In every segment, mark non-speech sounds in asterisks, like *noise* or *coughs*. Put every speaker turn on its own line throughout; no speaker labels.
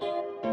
Thank you.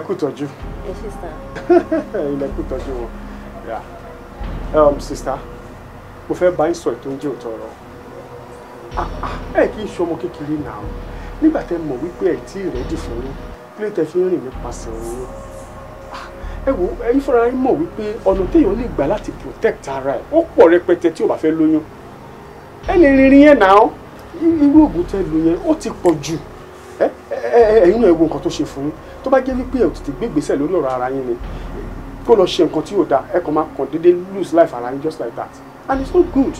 ẹ kú tọ́jú. ẹ ṣe sá. ilẹ̀ kú tọ́jú wọn. Um, sista mo fẹ́ bá yín sọ ètò oúnjẹ òótọ́ ọ̀rọ̀ ah, ah, ẹ kì í ṣọmọ kékeré náà nígbà tẹ mọ̀ wípé ẹ tí ìrẹ́dì fún yín kílé tẹ fi ń rìn nípasẹ̀ òun ah, ẹ wo ẹ̀yin fúnra yín mọ̀ wípé ọ̀nà téèyàn lè gbà láti protect ara ẹ̀ ó pọ̀ rẹpẹtẹ tí ò bá fẹ́ lóyún ẹ lè rìnrìn yẹn náà irú oògùn tẹ lò yẹn ó ti pọ̀ jù ẹ̀yin náà ẹ wo nǹkan tó ṣe fún yín tó bá jẹ́ wípé ẹ ò tètè gbégbèsè lórí ọ̀rọ̀ ara yín ni kó lọ ṣe nǹkan tí yóò dáa ẹ kàn máa kàn déédéé lose life ara yín just like that and it's not good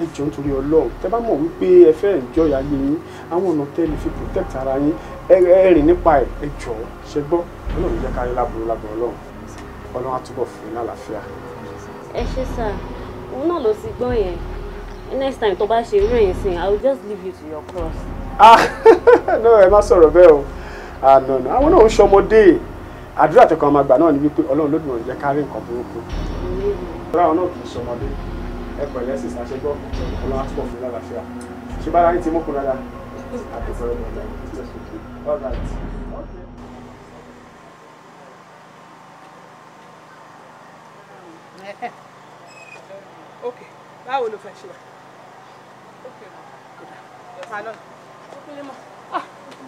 ẹ jọ nítorí Ọlọ́run tẹ bá mọ̀ wípé ẹ fẹ́ enjoy ayé yín àwọn ọ̀nà tẹ́ lè fi protect ara yín ẹ rìn nípa ẹ ẹ jọ ṣe gbọ́ Ọlọ́run jẹ́ ká yẹ lábúrò lábúrò Ọlọ́run Ọlọ́run á túbọ̀ fún yín lálàáfíà.
ẹ ṣe sá òun náà ló ti gbọ́ yẹn next time tó bá ṣe irú ẹ̀yìn sìn i will just leave you to your cross. ah
*laughs* no ẹ má sọ̀rọ̀ bẹ́ẹ̀ o ànànà àwọn náà ń ṣọmọdé àdúrà tó kàn máa gbà náà ni wípé ọlọ́run lódì wọn jẹ́ kárí nǹkan burúkú. ọlọ́run àwọn náà kì í ṣọmọdé ẹ pẹ̀lẹ́ sì ṣàṣẹgbọ́ ọlọ́run á túbọ̀ fún yín lálàáfíà ṣé bá yín ti mú kun dáadáa àtẹ̀sọ́ ọ̀dọ̀
ọ̀dọ̀ ok báwo ló fẹ́ ṣe wá.
ok ma. kò dáa. ẹ pa náà. ó kúlé mọ́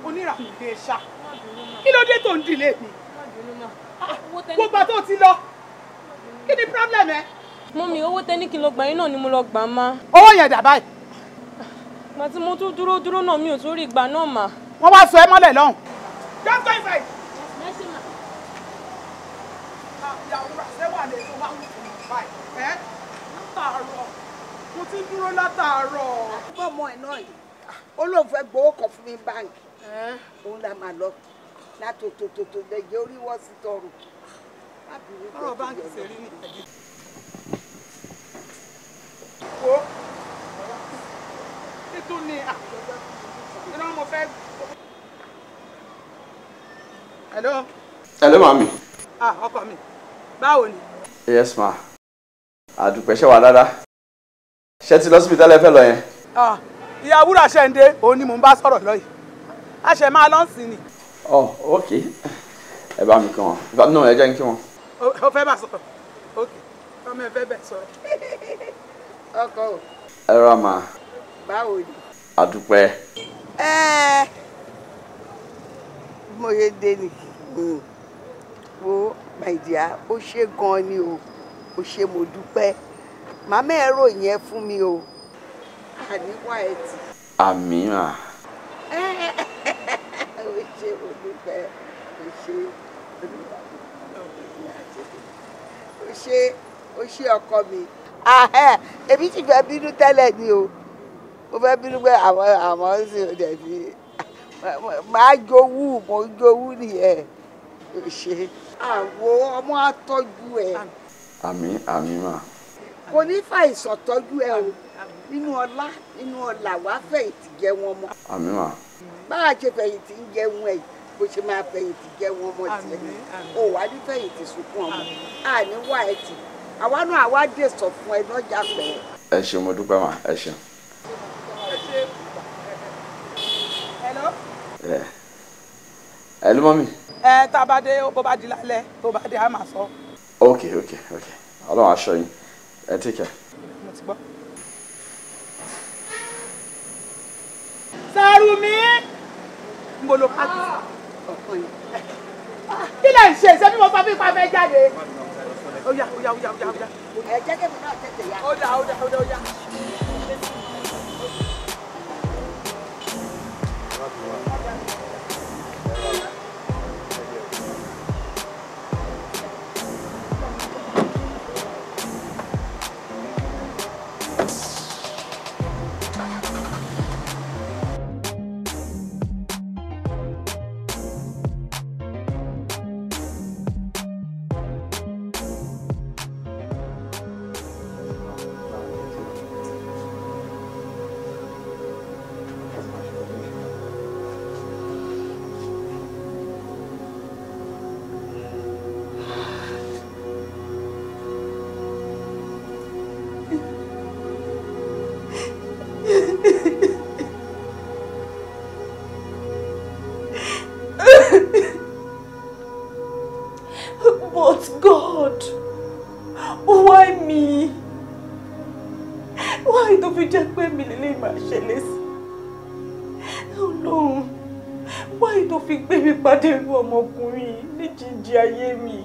oníràkúndé ṣá kí ló dé tó ń dìlé mi
ah, ah, gbogbo tó ti lọ
kí ni problem ẹ.
mọ́mì owó tẹ́ ní kí ló gbà yín náà ni mo lọ gbà má. owó yẹn dà báyìí. ìgbà tí mo tún dúró dúró náà mi ò tún rí ìgbà náà mà. wọ́n wá sọ ẹ mọ́lẹ̀ lọ́hùn.
dókítà ìfẹ́ yìí. mo ti ń dúró látàárọ̀. bọ́ọ̀mọ ẹ̀ náà
yìí ó gbowó kan fún mi báńkì òun la máa lọ látòtòtòtò bẹ̀jẹ̀ orí wọ́n sì tọrọ.
ọ̀rọ̀ báńkì ṣe rí ní ìtàgé. wo títún ni iná mo fẹ́. hello. hello màmí. ah ọkọ mi báwo ni. yes ma àdùpẹ́ ṣe wà dáadáa ṣe ti lọ síbi tẹ́lẹ̀ fẹ́ lọ yẹn. ìyá wúrà ṣẹ̀ ń dé òun ni mò ń bá sọ̀rọ̀ lọ́yìí a ṣẹ̀ máa lọ sí ni. ọ oh, ok ẹ bá mi kí wọn ìbá náà ẹ jẹ́ ń kí wọn. o fẹ́ bá sọ̀rọ̀ ok ọmọ ẹ fẹ́ bẹ̀ sọ̀rọ̀ ọkọ o. ẹ rà máa. báwo ni. àdúpẹ́.
ẹ mo yé dé ni hmm. wo my dear ó ṣe gan ni o ó ṣe mo dúpẹ́ màmá ẹ ròyìn ẹ fún mi o àníwá ẹ tì. àmì mà. ẹ ẹ ṣé olùfẹ́ o ṣé o ṣé o ṣé ọkọ mi èmi ti fẹ́ bínú tẹ́lẹ̀ ni o mo fẹ́ bínú pé àwọn àwọn sì ò dẹ̀bi máa jowú mo jowú nìyẹn o ṣé àwo ọmọ àtọ́jú ẹ.
àmì àmì mà.
kò ní fàìsàn tọ́jú ẹ o nínú ọlá nínú ọlà wàá fẹ̀yìntì jẹ wọn mọ́. àmì mà bá a ṣe fẹ̀yìntì ń jẹun ẹ̀ bó ṣe máa fẹ̀yìntì jẹun ọmọ tiẹ̀ ni ò wá ní fẹ̀yìntì sunkún ọmọ a ní wá ẹ tì àwa náà àwa dè sọ fún ẹ lọ́jà pẹ́.
ẹ ṣe mo dúpẹ́ mà ẹ ṣe. ẹ ló mọ́ mi. ẹ tá a bá dé bó bá di lálẹ́ tó bá dé a máa sọ. ok ok ok ọlọ́run aṣọ
yín ẹ take care.
mo ti gbọ́. Sàrùmí ń bolo pàtó ọ̀kan yìí kí lè ṣe ṣe bí mo fa fífa fẹ́ jáde ó yá ó yá ó yá ó yá ó yá.
ẹ jẹ́ kébì náà tètè yá. ó dà ó dà ó dà ó yá.
But God, why me? Why do fi jẹ́ pé mi lè lè máa ṣẹlẹ̀ why do fi gbé mi pàdé irú ọmọkùnrin ní jíjí ayé mi?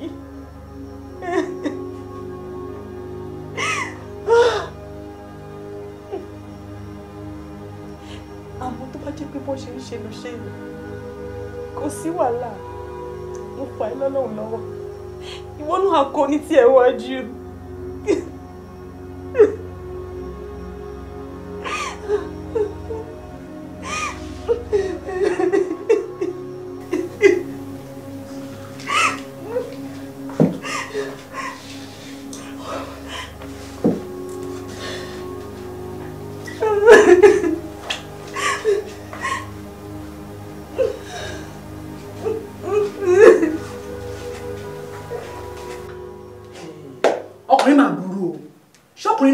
àmọ́ tó bá jẹ́ pé bó ṣe ń ṣe ló
mo fà á lọ́lọ́run
ìwọ náà kọ́ ní tiẹ̀ wájú.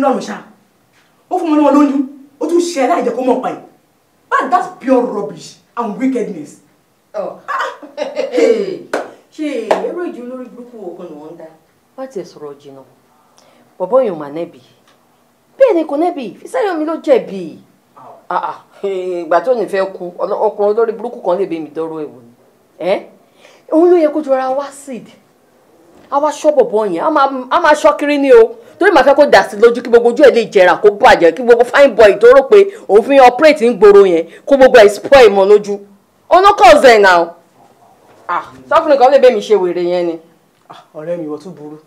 lọ́rùn ṣá ó fún ọmọ náà lóyún ó tún ṣe aláìjẹ́ kó mọ̀ pa ẹ̀
but that's pure rubbish and wickedness. Oh. Ah, ah. *laughs* ṣe èrò ìjì olórí burúkú ogun ni wọ́n ń dá. wá tiẹ̀ sọ̀rọ̀ jìnnà bọ̀bọ́ yóò máa nẹ́bi bẹ́ẹ̀ ni kò nẹ́bi Fisáyọ̀mí ló jẹ̀bi ah, *laughs* ìgbà tó nífẹ̀ẹ́ ku ọkùnrin olórí burúkú kan lè bẹ mi dọ́rọ̀ ẹ̀wò ni òun ló yẹ kó jọra wá seed àwa ṣọ́ bọ̀bọ́ yẹn a máa ṣọ́ kiri ni o torí màá fẹ́ kó dà sí lójú kí gbogbo ojú ẹ̀ lè jẹrà kó bàjẹ́ kí gbogbo fine boy tó rò pé òfin operate ń gbòòrò yẹn kó gbogbo ẹ̀ spoil mọ́ lójú ọ̀nà kọ́ọ̀sì náà ah sọ́kùnrin kan lè bẹ́ẹ̀ mi ṣe wèrè yẹn ni. Ah, ọ̀rẹ́ mi ìwọ tún burú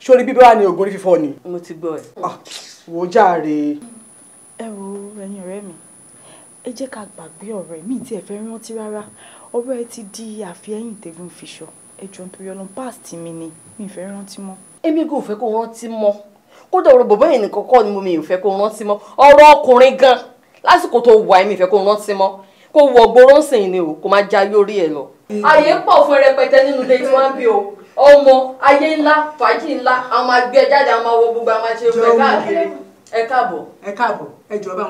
sórí bíbẹ́ wa ni oògùn orí fífọ́ ni. mo ti gbọ́ ẹ. Ah, wò ó jàre. ẹ wo ẹ̀yin ọ̀rẹ́ mi
ẹ jẹ́ ká gbàgbé ọ̀rẹ́ mi tí ẹ fẹ́ rántí rárá ọ̀rọ̀ ẹ ti di àfihàn tẹ̀gùn fìṣọ
ẹjọ́ nítorí ọlọ́run past mi ni mi ì fẹ́ rántí mọ́. èmi kò fẹ́ kó rántí mọ́ kódà ọ̀rọ̀ bọ̀bọ́ yẹn nìkan ni mo mi ò fẹ́ kó rántí mọ́ ọ̀rọ̀ ọkùnrin gan lásìkò tó wà mí ìfẹ́ kó rántí mọ́ kó wọ gbóròǹsìn ni o kó má já yórí ẹ lọ. àyè pọ̀ fún rẹpẹtẹ nínú date o ọmọ ayé ńlá fàájì ńlá àwọn agbẹ́ jáde àwọn awọ gbogbo àwọn àṣẹ káàkiri ẹ káàbọ̀. ẹ ẹ jọ̀ọ́ bá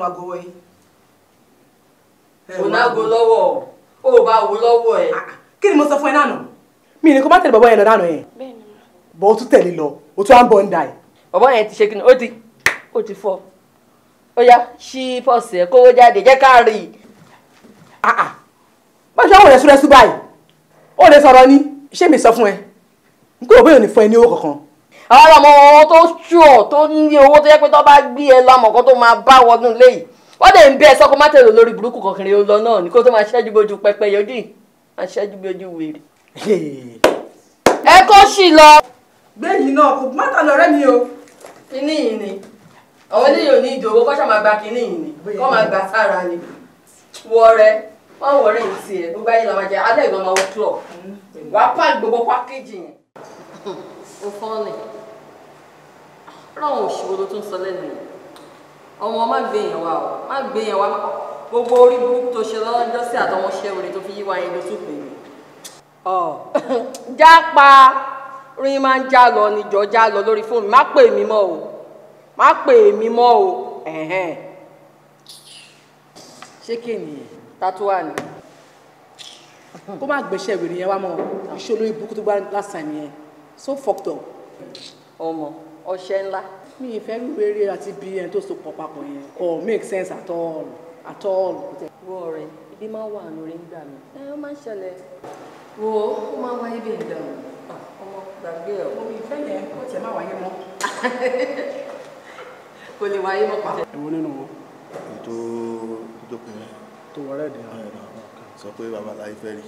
o ò bá wo lọ́wọ́ ẹ. Ah, ah. kí ni bàbá yẹn ti ṣe kí ni ó ti ó ti fọ́ ó yá ṣí pọ́ọ̀sì ẹ̀ kówó jáde jẹ́ ká rí i. má ah, ah. ṣe àwọn rẹ̀súrẹ́sú báyìí ó lè sọ̀rọ̀ ni ṣé mi sọ fún ẹ n kò bóyá ò ní fún ẹ ní owó kankan. àwọn ọmọ wọn tó ṣùọ tó ní owó tó yẹ pé tó bá gbé ẹ lọmọ kan tó máa bá wọnú léyìí wọ́n dẹ̀ ń bẹ́ ẹ sọ́kọ́ má tẹ̀lé lórí burúkú kankan yóò lọ náà ní kó tó máa ṣẹ́jú bójú pẹpẹ yọjú yìí máa ṣẹ́jú bójú wèrè. ẹ kó sì lọ gbẹ̀yìn náà kò mọ́tà lọ́rẹ́ mi o. kíní yìí ni àwọn eléyìí ò ní ìdòwò kọ́ sàmà gba kíní yìí ni kọ́ máa gbà sára ni wọ́ọ̀rẹ́ wọ́n wọ̀ọ́rẹ́ yìí sí ẹ gbogbo ayé la máa jẹ alẹ́ ìgbà máa wọ túrọ̀ mm-hmm. wà á pàdé gbogbo pákéjì yẹn. o fọ́n ni ráwọn òṣìwòlò tó ń sọ lẹ́nu yìí ọmọ má gbé yẹn wá o má gbé yẹn wá gbogbo orí burúkú tó ṣe lọ́jọ́ sí àtọwọ́ṣẹ́ wèrè tó fi yí wa yẹn lóṣù pè mí. ọ̀ *laughs* jápa orin máa ń já lọ níjọ já lọ lórí fóònù má pè mí mọ́ o má pè mí mọ́ o ṣé kí nìyẹn tatuwa ni kó má gbéṣẹ́ ìwé nìyẹn wá mọ́ ìṣòro ibùkú tó gbá last time so fucked up. ọmọ ọṣẹ ńlá. mi ì fẹ́ rere àti bí ẹni tó so pọ̀ papọ̀ yẹn kò make sense at all at all. wọ́n ọ̀rẹ́ ibi máa wà lórí ń gbà mí. ẹ ó máa ń ṣẹlẹ̀. wo ó máa ń wáyé bí gbàgbé ẹ̀ o. omi ìfẹ́ yẹn kò tẹ̀ má wáyé mọ́. *laughs* kò lè wáyé mọ́ pa. èwo nínú wọn.
ètò ìdókòwò. tó wọlé ẹ̀dẹ̀ náà. ẹ̀dẹ̀ náà sọ pé bàbá láyé fẹ́ rí.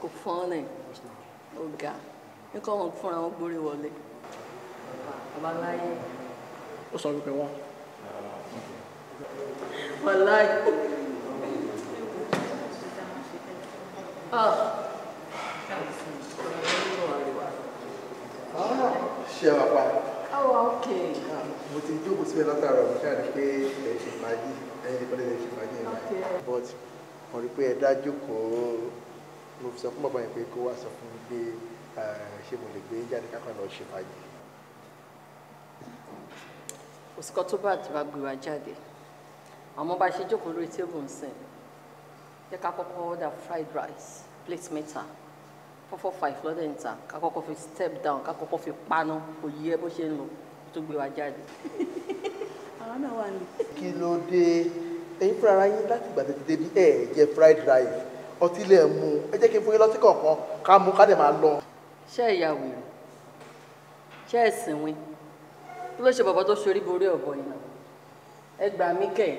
kò fọ́n ní ọ̀gá nǹkan wọn fúnra wọn gbórí wọlé bàbá láyé
ó sọ wípé wọn.
Ah, ah. ah,
ṣé
oh okay.
mo ti jókòó síbẹ̀ látara mo but mo rí i pé ẹ dá jókòó mo fi sọ fún bàbá yẹn pé kó wá sọ eh, lè gbé jáde kákan lọ ṣe fàájì
kò sí kan tó bá àdìbà gbé wa jáde àmọ́ bá a ṣe jókòó lórí tébù ń sìn jẹ́ ká kọ́kọ́ order fried rice plate mẹ́ta four four five lọ́dẹ̀ níta ká kọ́kọ́ fi step down ká kọ́kọ́ fi paná kò yí ẹ bó ṣe ń lọ tó gbé wa jáde.
*laughs* àwọn náà wà ní. kí ló dé ẹ̀yin fúnra ara yín láti gbàdé ti débi ẹ jẹ fried rice ọtí lẹ mú ẹ jẹ́ kí n fún yín lọtí kọ̀ọ̀kan
ká mú ká dẹ máa lọ. ṣé ìyàwó ṣé ẹ̀sìn wín kí ló ṣe bọ̀bọ̀ tó ṣorí borí ọ̀bọ yìí ẹ gbà mí kẹ̀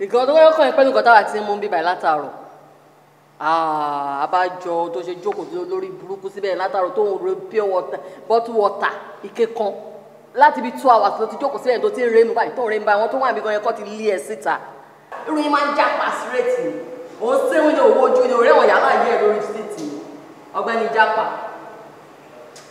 nǹkan tó wọ́n kàn yín pẹ̀lú nǹkan táwa mú bíbà látàárọ̀ àbájọ tó ṣe jókòó lórí burúkú síbẹ̀ látàárọ̀ tó ń re pure water bottle water ike kan láti ibi two hours ló ti jókòó síbẹ̀ tó ti ń rému báyìí tó ń rému báyìí àwọn tó wà níbi yẹn kọ́ ti lé ẹ síta irú yín máa ń já pàṣírẹ́tì òun sẹ́wọ́n ní owó ojú ni òun rẹ́wọ̀n yàrá yẹ̀ lórí síìtì ọgbẹ́ni jápa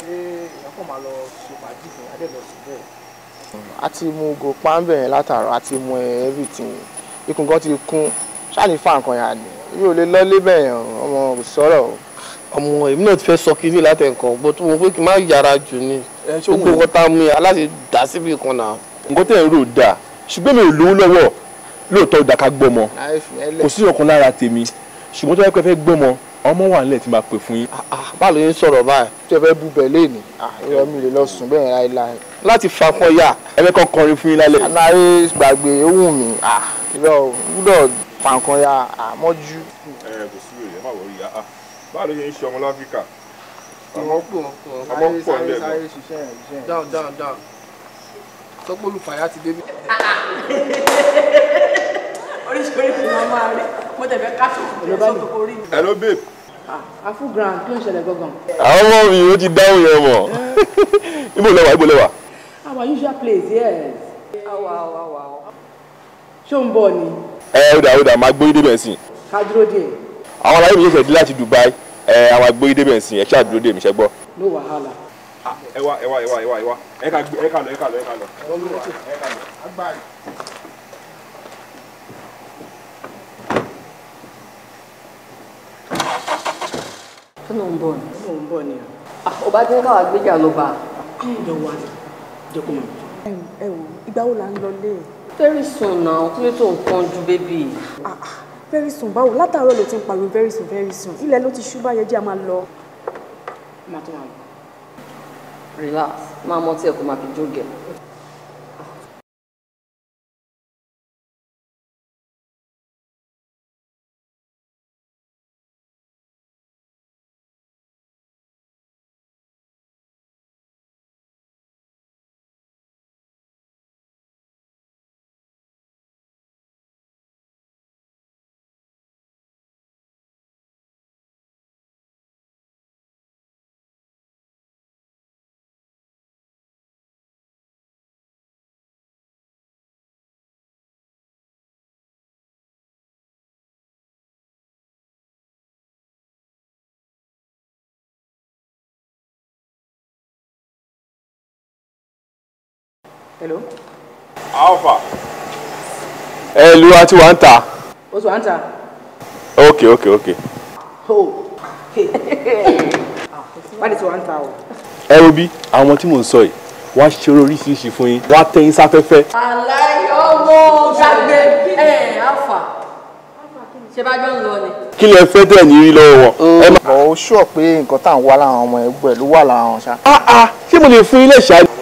ṣé èèyàn kàn máa lọ ṣe látàrọ a ti everything ikùn kan ti kún ṣáàní fa nǹkan yẹn àdé yóò lè lọ lébẹ̀ yẹn ọmọ kò sọ̀rọ̀ o. ọmọ èmi náà
ti fẹ́ sọ kínní láti nǹkan bó tó mo pé kí n má yára jù ni gbogbo nǹkan tá a mú yẹn aláṣẹ dà síbi
kan náà. nǹkan tẹ̀ ń rò dáa ṣùgbọ́n mi ò lówó lọ́wọ́ lóòótọ́ ìdàkà gbọ́mọ kò sí ọ̀kan lára tèmi ṣùgbọ́n tó yẹ kó fẹ́ gbọ́mọ ọmọ wà nílẹ̀ tí n bá pè fún yín. Ah, ah,
báwo ló ń sọ̀rọ̀ báyìí tí ẹ fẹ́ bú bẹ̀ léèní ìrọ̀ ah, mi lè lọ sùn bẹ́ẹ̀ yẹn láéláé. láti fa pọ́n yá ẹgbẹ́ kan kọrin fún yín lálẹ́. aláyé gbàgbé ohun mi ìrọ̀ gbúdọ̀ pàǹkan ya àmọ́jú. ẹ kò sí òye má wọrí ya báwo ló ṣe ń ṣe ọmọ láfíríkà. ọmọ pọ̀ ọmọ pọ̀ ní ẹ̀gbọ́n. dáhùn dáhùn dáhùn sọ *laughs*
oríṣiríṣi ló máa rí mo tẹ̀ fẹ́ káṣọ sọ́tò orí mi. hello babe. afu grand kí ló ń ṣẹlẹ̀ gangan.
àwọn ọmọ mi ò ti dáhùn yẹn mọ̀ eh. *laughs* ibo lẹwà ibo lẹwà.
our usual place yes. awa awa awa.
ṣé o ń bọ̀ ni.
ẹ eh, ó dà ó dà máa gbóyè débẹ̀ sí. ká dúró dé. àwọn aláyé mi ṣẹ̀ṣẹ̀ dé láti Dubai ẹ àwọn eh, agbóyè débẹ̀ sí ẹ
ṣáà dúró dé mi ṣẹ́ gbọ́.
no wahala ẹwà ẹwà ẹwà ẹwà ẹwà ẹ ká lọ ẹ ká lọ ẹ ká lọ ẹ ká lọ.
kí ló ń bọ̀ ni. kí ló ń bọ̀ ni ọba ah, tí ń káwá gbéjà ló bá. ǹjọ wa ni jẹ́kọ̀ mọ̀.
ẹ wò ìgbà wo la ń lọ lé.
very soon náà kí ló tó nǹkan ju bébì. Ah,
ah, very soon báwo látàárọ̀ ló ti ń pariwo very soon very soon ilẹ̀ ló ti ṣú báyẹn jẹ́ a máa lọ.
màá máa lọ.
relax máa mọ tí ẹ kò máa fi jó gẹ̀ẹ́.
hello. alpha.
ẹ lu àti wà ń ta.
o ti wà ń ta.
ok ok ok.
o
wádìí ti wà ń ta o.
ẹ wo bí àwọn tí mò ń sọ yìí wá ṣe oríṣiríṣi fún yín wá tẹ̀yìn sáfẹ́fẹ́.
aláyọ̀wò gbàgbé ẹ̀ alpha ṣe bá jọ ń lọ ni.
kí lẹ fẹ́ dẹ̀ ní rí lọ́wọ́ wọn. ọ̀ ó ṣùọ̀ pé nǹkan tá à ń wá láwọn ọmọ ẹgbẹ́ ló wà láwọn ṣá. Ah, ah. ṣé mo lè fún ilé ìṣáájú.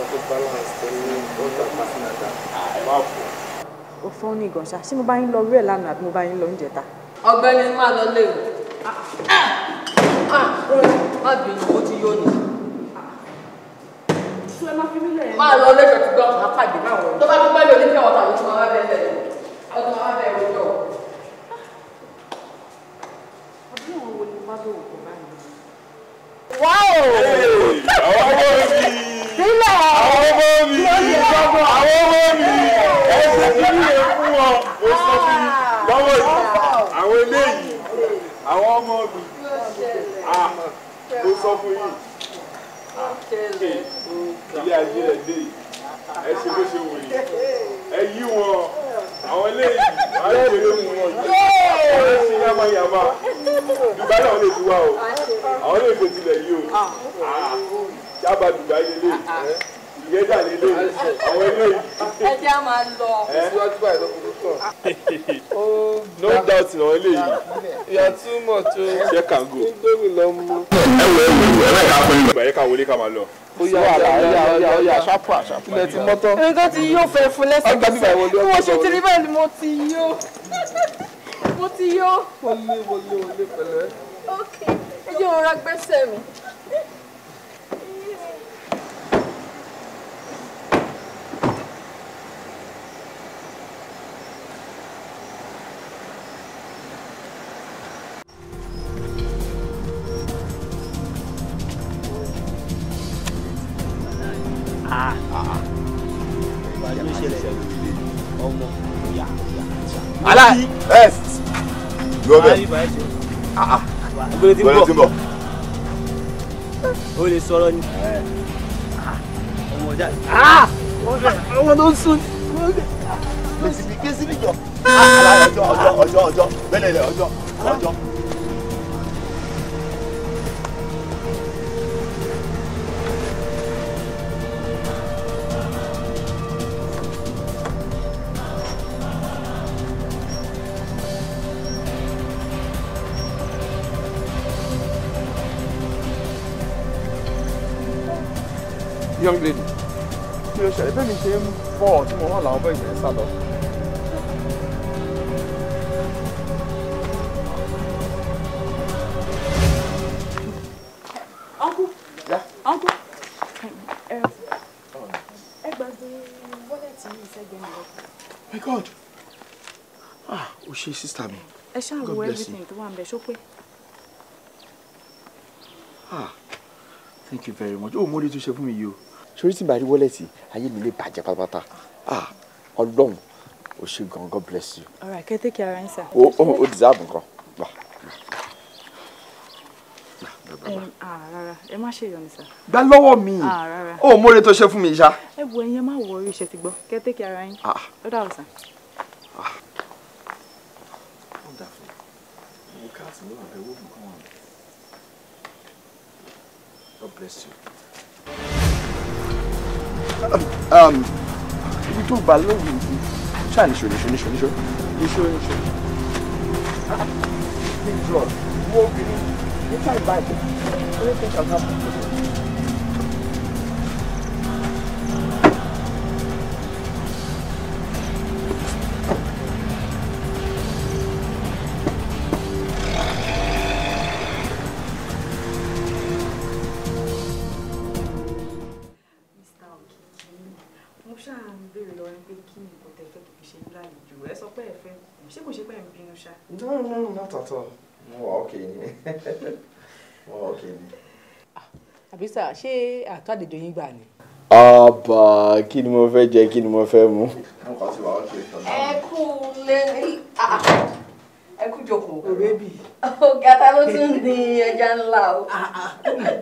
mí gan ṣá ṣé mo bá yín lọ rú ẹ̀ lánàá àbí mo bá yín
lọ oúnjẹ ta.
ọ̀gbẹ́ni máa lọ lé o má bínú ó ti yóò ní. máa lọ lé ṣètò gbọ́ máa pàdé máa wọ̀ tó bá tó pẹ́lú oníkẹ́ ọ̀tà ló ti máa bẹ́ẹ̀ bẹ́ẹ̀ ọdún máa bẹ́ẹ̀ rojọ́.
àbí òun wo ni wọ́n bá lò wọ́n
àwọn ọmọ mi. àwọn ọmọ mi.
àwọn ọmọ mi
mo ṣe kí fún wọn mo sọ fún
yín lọ́wọ́ yìí
àwọn eléyìí àwọn ọmọ mi mo sọ fún yín ilé ayé rẹ̀ dé ẹ ṣe bó ṣe wù ẹ yí wọn àwọn eléyìí wọn á lè mú wọn yìí wọn á ṣe yamayama Dubai náà lè fi o àwọn lè tilẹ̀ yìí o jábà Dubai lélẹ̀ ìyẹn dà nílé àwọn ilé yìí.
ẹ jẹ́ a lọ. ẹ síwájú
no doubt ní àwọn ilé yìí. ìyá too much o. kàn gò. nítorí lọ mú. ẹ wọ ẹ wọ ẹ bẹ́ẹ̀ ká fún mi. ìgbà yẹn ká wọlé ká máa lọ. ó yà á yà á yà á ilẹ̀ ti
mọ́tọ́. ẹni tó ti yóò fẹ́ fún lẹ́sẹ̀ lẹ́sẹ̀ bí ṣe ti bẹ́ẹ̀ mo ti yó mo ti yó. wọlé wọlé wọlé pẹ̀lẹ́. ok ẹ jẹ́ wọn rà gbẹ́sẹ̀ mi.
tó ti ń bọ̀ o lè sọ̀rọ̀ ni ah! ọmọ ọjà ọmọ tó ń sún ní. kesibi kesibi jọ ah, ọjọ́ ọjọ́ ọjọ́ ọjọ́ bẹ́ẹ̀ lẹ ọjọ́ ọjọ́. young lady. Eh,
eh, mi ò ṣẹlẹ̀ bẹ́ẹ̀ uncle
my god ah o ṣe sísá mi.
ẹ ṣáà everything tó wà ń bẹ
ah thank you very much Oh, mo lè you. ṣe fún mi yìí sori tí n bá rí wọ́lẹ̀tì ayé mi lè bàjẹ́ pátápátá ah ọlọ́run o ṣe gan god bless you.
ọ̀rọ̀ àkẹ́tẹ́ kí ara ń sà. o o o
deserve nǹkan gbà.
Ah, rárá ẹ má ṣe yọ̀nì sà.
gbà lọ́wọ́ mi
ah, o mórè
tó ṣe fún mi ṣá.
ẹ wo ẹyin ẹ má wọ orí ti gbọ́ kẹ́tẹ́ kí ara yín ó dà ọ̀sán. Ah.
God bless you. Um, um,
ibi tó bá lóògùn yìí ṣáà níṣó níṣó níṣó níṣó níṣó níṣó.
big draw wo obìnrin nípa ìbàdàn ó ní kí n ṣàkóso.
mísà ṣé àtọ́ àlejò yín gbà ni.
ọba kí ni mo fẹ́ jẹ kí ni mo fẹ́ mu.
ẹ kú lẹ́ni ah, ah, ẹ kú jókòó. o bébì. ọ̀gá ta ló tún ní ẹja ńlá o. Ah,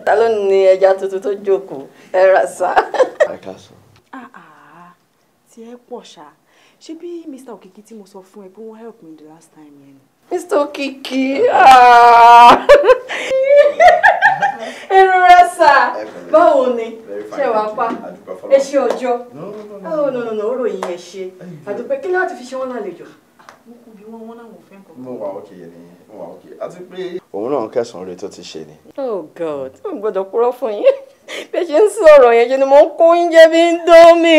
ta ló ní ẹja tuntun tó jókòó ẹ rà sá.
tí ẹ pọ̀ ṣá ṣé bí Mr. Okiki tí mo sọ fún ẹ pé wọ́n help me the last time yẹn ni.
Mr. Kiki. Erora sá. Báwo ni? Ṣé wàá pa? Ẹ ṣe ọjọ́. Oh no no no, oròyìn ẹ ṣe. Àdùpẹ́ kí láti fi ṣe wọ́n lálejò?
Mo wà òkè yẹn ni, mo wà òkè. Àti pé òun náà ń kẹsàn-án rẹ tó ti ṣe ni. Oh God,
ó gbọ́dọ̀ purọ́ fún yín. Bí ẹ ṣe ń sọ̀rọ̀ yẹn ṣe ni mo ń kó oúnjẹ bí ń dán mi.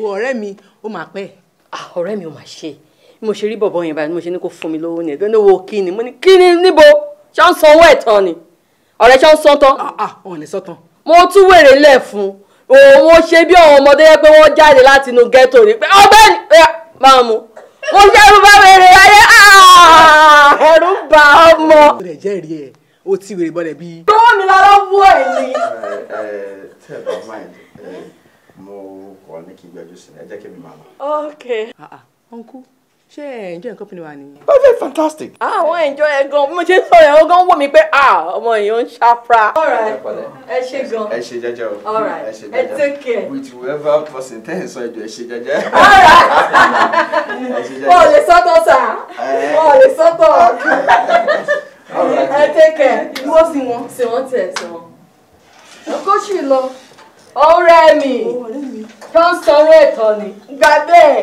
Wo ọ̀rẹ́ mi, ó máa pẹ́. Ah, ọ̀rẹ́ mi ò máa ṣe mo ṣe rí bọ̀bọ̀ yẹn báyìí mo ṣe ní kó fún mi lówó nìyẹn lónìí wo kí ni mo ní kí ni níbo ṣé ń san owó ẹ̀tàn ni ọ̀rẹ́ ṣé ń san tán. Ah, ah, wọn ò sọ́tàn. mo tún wèrè lẹ̀ fún òun ó ṣe bí àwọn ọmọdé yẹ pé wọ́n jáde láti inú ghetto ni pé ọ̀gbẹ́ni máa mu mo ṣe ẹrú bá wèrè ayé ah, ẹrú bá ọmọ. o lè jẹ́ rí
ẹ ti wèrè bọ́lẹ̀ bí.
lọ́wọ́ mi lára wú ẹ̀ ni.
tẹ́ ẹ bá máa mo kọ́ ní kí gbẹ́jú sí ẹ jẹ́ kí mi máa lọ.
ok. ọ̀nkú. Uh ṣé ẹ enjoy company wa nìyẹn. ó fẹ́ fantastic. àwọn enjoy ẹ gan bí mo ṣe ń sọ̀rọ̀ ẹ̀ ó gan wò mí pé ọmọ yìí ó ń ṣàfra. ẹ ṣe gan ẹ
ṣe jẹ́jẹ́ o
ẹ ṣe jẹ́jẹ́ ẹ take
care. with whoever person tẹ́ ẹ̀ sọ ẹ̀jọ̀ ẹ ṣe jẹ́jẹ́.
*laughs* ọ̀ lè sọ́tọ̀ sà eh. ọ̀ lè sọ́tọ̀ *laughs* ẹ take care mo sì wọ́n sì wọ́n tẹ̀ sọ. ọkọ ṣì lọ ọ̀rẹ́ mi tó ń sanwó ẹ̀tọ́ ni gbà bẹ́ẹ̀.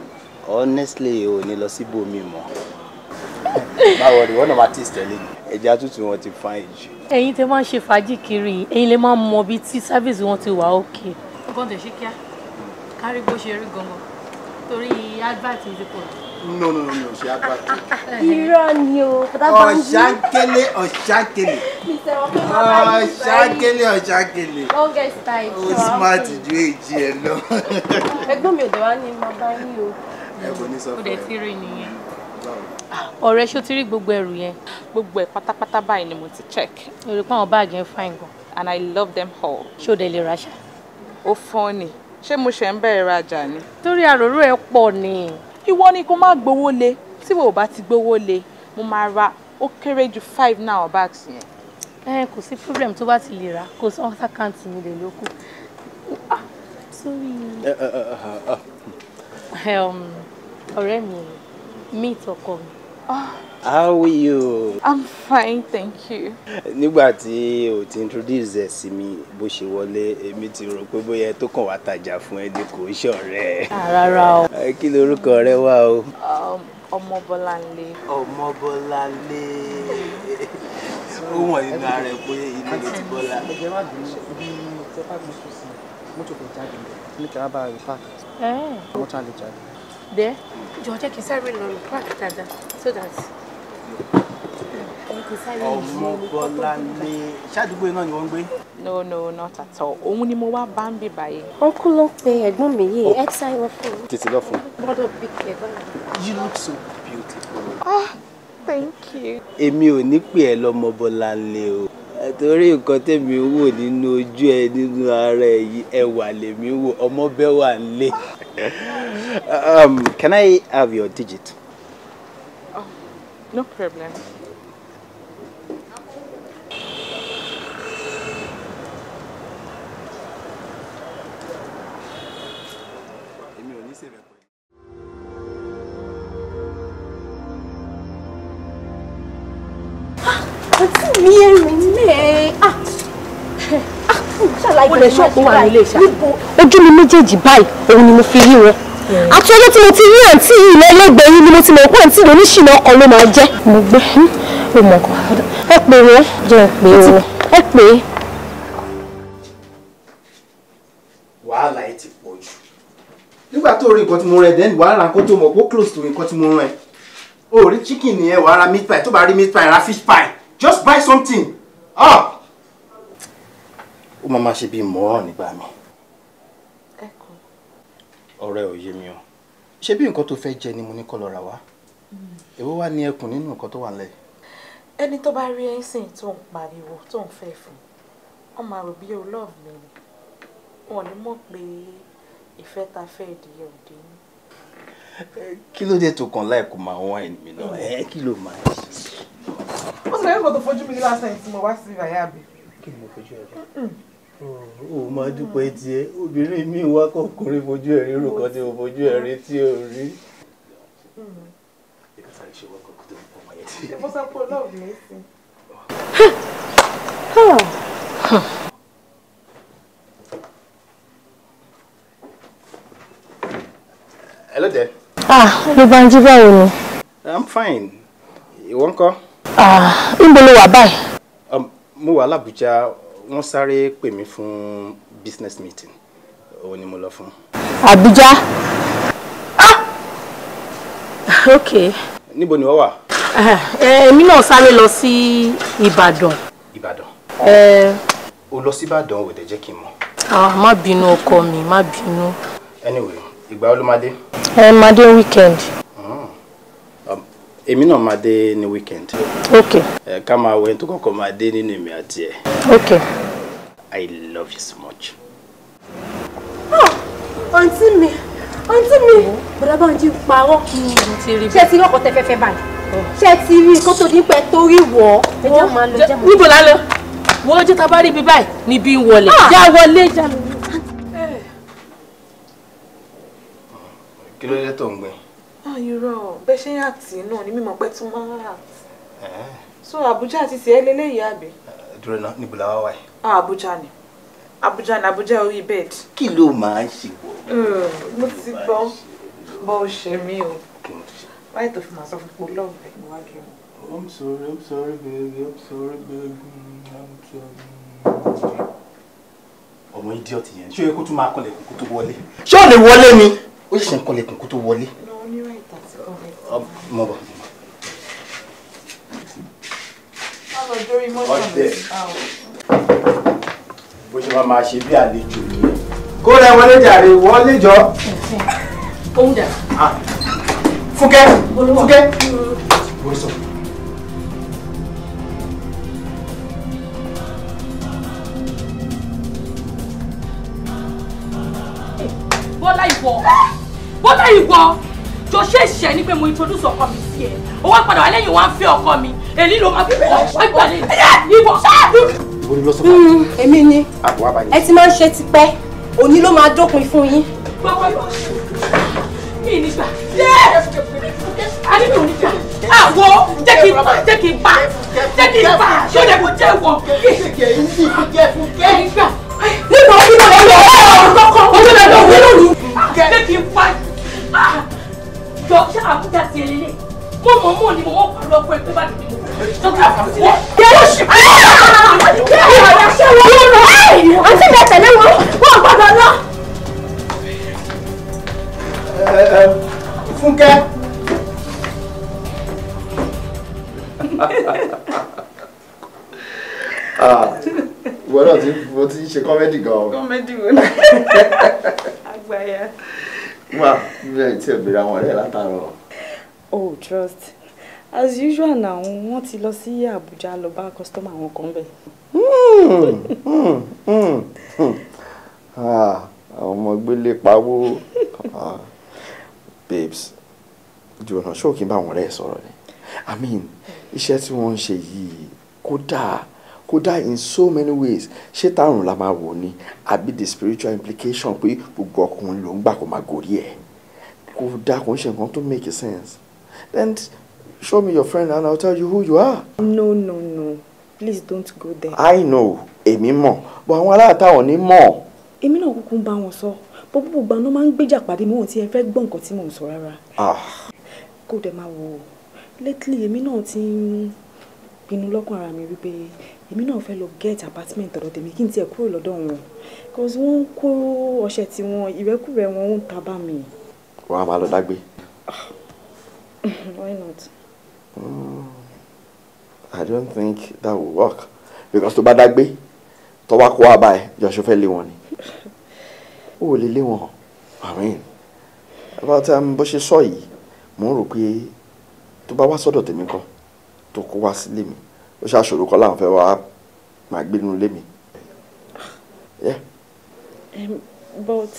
honestly o ní lọ síbò mi mọ́ báwo ni wọ́n náà máa tí ìsítẹ́lẹ̀ ni ẹja tútù wọn ti fáyìn jù.
ẹ̀yin tẹ́ máa ń ṣe fàájì kiri ẹ̀yin lè máa mọ bí tí sáfíìsì wọn ti wà òkè. nǹkan tẹ̀ ṣe kíá kárí bó ṣe rí gangan torí advert ti pọ̀
no no no no ṣe agbáke. irọ́
ni o
bàbá ń jí. ọ̀ṣákélé ọ̀ṣákélé.
ọ̀ṣákélé
ọ̀ṣákélé.
longest time. o
smart
ju èjì ẹ lọ.
ẹgbọ́n mi ò dẹ̀ wá ní mo bá yín o ọ̀rẹ́ ṣó ti rí gbogbo ẹrù yẹn gbogbo ẹ̀ pátápátá báyìí ni mo ti check mo rí pé àwọn báàgì yẹn fine gan and i love them all. ṣó dẹ̀ lè raṣà. ó fọ́n ni ṣé mo ṣe ń bẹ̀rẹ̀ rajà ni. torí àròrò ẹ̀ pọ̀ ni. ìwọ ni kó má gbowó le tí mo bá ti gbowó le mo máa ra ó kéré ju five now bags yẹn. ẹ kò sí problem tó bá ti lè ra kò sí ọ̀sán àkáǹtì mi lè lókù.
sorry
ọ̀rẹ́ mi meet ọkọ mi. Ah.
How are you?
I'm fine, thank you.
Nígbà tí o ti introduce ẹ sí mi bó ṣe wọlé, èmi ti rò pé bóyá tó kàn wá tajà fún ẹ ní kò ń ṣọ̀rẹ́. Ah, rárá o. Kí ni orúkọ rẹ wá o? Um, Ọmọbọ́láńlé. Ọmọbọ́láńlé. Ó wọ̀n nínú ara ẹ̀ pé ló ti bọ́lá. Ẹ̀jẹ̀ má bínú bí mo tẹ́ bá sùn sí mọ́tò kò jáde ní kí wọ́n rí páàkì. Mọ́tò àlè jáde.
There.
Jọ̀ọ́ can kí n sáré lọ páàkì dáadáa so that.
Ọmọbọ́láńlé
ṣáàdúgbò náà ni wọ́n ń gbé. No no not at all. Òun ni mo wá bá ń bì báyìí. Ọkú ló pe ẹ̀gbọ́n mi yìí. Exile lọ fún
mi. is lọ fún You
look so
beautiful. Ah, thank you.
Èmi ò ní pè ẹ́ lọ́mọbọ́láńlé o torí nǹkan tèmi wò nínú ojú ẹ nínú ara ẹ yìí ẹwà lèmi wò ọmọ bẹ́ẹ̀ wà ń lé. um, can I have your digit?
Oh,
no problem.
Mary, May.
Ah, ó lè ṣọ́ọ̀kú wà nílé ìṣá.
ojú mi méjèèjì báyìí òun ni mo fi rí wọn hmm. àti ọjọ́ tí mo ti rí àǹtí yìí lẹ́lẹ́gbẹ̀ẹ́ yìí ni mo ti mọ̀ pé àǹtí mi oníṣìnà ọkọ̀ ló máa jẹ́. mo gbé ló hmm. mọ̀ kọ́ ẹ pè wọ́n jẹ́ pé wọ́n ẹ
pè wàhálà ẹ ti pọ̀ jù nígbà tó rí nǹkan tí mo rẹ dẹ́nu wàá ra nǹkan tó mọ̀ pé close to nǹkan tí mo rẹ o rí chicken yẹn wàá ra meat pie tó bá rí meat pie ra fish pie just buy something. Oh máa máa ṣe bíi mọ́ràn nígbà mi. ọ̀rẹ́ ò yé mi o ṣé bí nǹkan tó fẹ́ jẹ ni mo ní kó lọ rà wá hmm. èwo wá ní ẹkùn nínú nǹkan tó wà nílẹ̀.
ẹni tó bá rí ẹ̀sìn tó ń pariwo tó ń fẹ́ fún wọn máa rò bí o love me. ni wọn ní mọ̀ pé ìfẹ́ ta fẹ́ ìdíyẹ òde ni.
kí ló dé tó kàn láì kó máa wọ́n ẹ̀mí náà ẹ kí ló máa ṣe.
ó sì lè ń kó tó fojú mi ní lásán ìtumọ̀ wá sí ìràyà àbí.
kí ni mo fojú ẹ jẹ o máa dúpẹ́ tiẹ̀ obìnrin mi wá kọkùnrin fojú ẹ̀ rí rògbò tí mo fojú ẹ̀ rí tí o rí.
Hello there.
Ah, ló bá ń jí báwo ni?
I'm fine. Ìwọ ńkọ́? Ah, ń bolo wà báyìí. Um, mo wà l'Abuja wọ́n sáré pè mí fún business meeting òun ni mo lọ fún.
Àbújá ah ok.
níbo ni wọ́n wà.
Eh, eh, èmi náà sáré lọ sí Ìbàdàn. Ìbàdàn.
Eh. o lọ sí Ìbàdàn ò dẹ̀ jẹ́ kí n mọ̀. Ah, má bínú ọkọ
mi má bínú.
anyway ìgbà wo ló máa dé. ẹ máa weekend èmi náà máa dé ní weekend. ok. ẹ ká máa wẹ tó kọ́kọ́ máa dé nínú èmi àti ẹ. ok. I love you so much.
ah
àǹtí mi àǹtí mi bọ̀dá bá ń jí parọ́ ṣé ti lọ́kọ̀ tẹ́ fẹ́fẹ́ báyìí ṣé ti rí kó tó dín pẹ́ torí wọ̀ ọ́ níbo la lọ wo ojú ta bá rí ibi báyìí níbi wọlé já ah! wọlé já lọ. Eh.
kí ló dé tó ń gbìn.
Ah, irọ́ bẹ́ẹ̀ ṣe ń àtì náà ni mímọ̀ pé tún máa ń àtì. so Abuja àti tiẹ̀ lélẹ́yìí àbí.
dúró náà níbo
la wá wá yìí. Ah, Abuja ni Abuja ni Abuja orí bẹ́ẹ̀dì. kí ló máa ń ṣe
hmm, mo ti gbọ́ bọ́ ọ ṣe mí o báyìí tó fi màá sọ fún polo ọ̀fẹ́ ìwádìí
I'm sorry, I'm sorry, baby, I'm sorry, baby, I'm sorry.
ọmọ idiot yẹn ṣé o yẹ kó tún máa kọlẹ̀kùn kó tó wọlé. ṣé ò lè wọlé ni ó ṣẹ̀ṣẹ̀ ń kọlẹ̀kùn kó tó wọlé mo bọ̀. ọ̀nà bó ṣe máa máa ṣe bí àlejò nìyẹn. kó rẹ wọlé jàre wọlé
jọ. ohun dà. Ah. fúnkẹ́ fúnkẹ́. Bọ́lá ìwọ! Bọ́lá ìwọ! jọ ṣe ìṣẹ́ ni pé mo introduce ọkọ mi sí ẹ o wá padà wá lẹ́yìn wá ń fẹ́ ọkọ mi èyí ló máa fi bẹ̀rẹ̀ ọgbà ní ìwọ ìwọ ni lọ sọ fún mi. èmi ni ẹ ti máa ń ṣe tipẹ́ òní ló máa dópin fún yín. báwo ni kí ni gbà a ní mi ò ní gbà àwọ jẹ́ kí jẹ́ kí bá jẹ́ kí bá ṣó lè kó jẹ́ wọ̀
nígbà tí mo lọ wọ́n ọ̀rọ̀ kọ́kọ́ ojú lè lọ wí lónìí jẹ́ kí bá jọ ṣé àbújá ti ẹlẹ́lẹ́ mo mọ̀ mọ̀ ni mo mọ̀ pàrọ̀ ọkọ ẹgbẹ́ bá dìbò dókítà fàmísílẹ̀.
yẹ́rù ṣì bá yàrá ṣé wọ́n lọ àti ìgbà tẹ̀lé wọn wọ́n gbọ́dọ̀ lọ. fúnkẹ́. ìwọ náà ti ń ṣe kọ́mẹ́dì gan-an.
kọ́mẹ́dì wo ni àgbàyà.
Oh
trust as usual now wọ́n ti lọ sí Àbújá lọ bá customer àwọn kan bẹ̀.
Hmm,
hmm, hmm, ah, àwọn ọmọ gbélé pawó ah, babes jùlọ ṣóò kí n bá àwọn ọ̀rẹ́ sọ̀rọ̀ ni I mean iṣẹ́ tí wọ́n ń ṣe yìí kódà kódà in so many ways ṣé tààrùn la máa wò ni àbí the spiritual implication pé gbogbo ọkùnrin ló ń gbà kó máa gòrí ẹ̀ kódà kò ń ṣe nǹkan tó make sense then show me your friend and i will tell you who you are. no no no please don't go there. i know èmi mọ̀ bọ̀ àwọn aláàtà ò ní mọ̀.
èmi náà kúkú ń bá wọn sọ bó gbogbo gbà ló máa ń gbéjà pàdé mi wọn tí ẹ fẹ́ gbọ́ nǹkan tí mò ń sọ rárá. Ah. kó dẹ̀ máa wò ó lately èmi náà ti ń pinnu lọ́kàn ara mi wípé èmi náà fẹ́ lọ get apartment ọ̀dọ̀ tèmi kí n tiẹ̀ kúrò lọ́dọ̀ wọn cause wọ́n kó ọṣẹ tiwọn ìrẹ́kùrẹ́ wọn ń ta bá mi.
wọ́n á máa lọ dágbé. Ah,
*laughs* why not.
Mm, I don't think that will work because tó bá dágbé tọ́wá kó wá báyìí jọ̀ṣọ́ fẹ́ lé wọn ni ó lè lé wọn amen about um, bó ṣe sọ yìí mò ń rò pé tó bá wá sọ́dọ̀ tèmi kan tó kó wá sílé mi ó ṣàṣòro kọ́ láwọn fẹ́ wá máa gbé nínú ilé mi.
but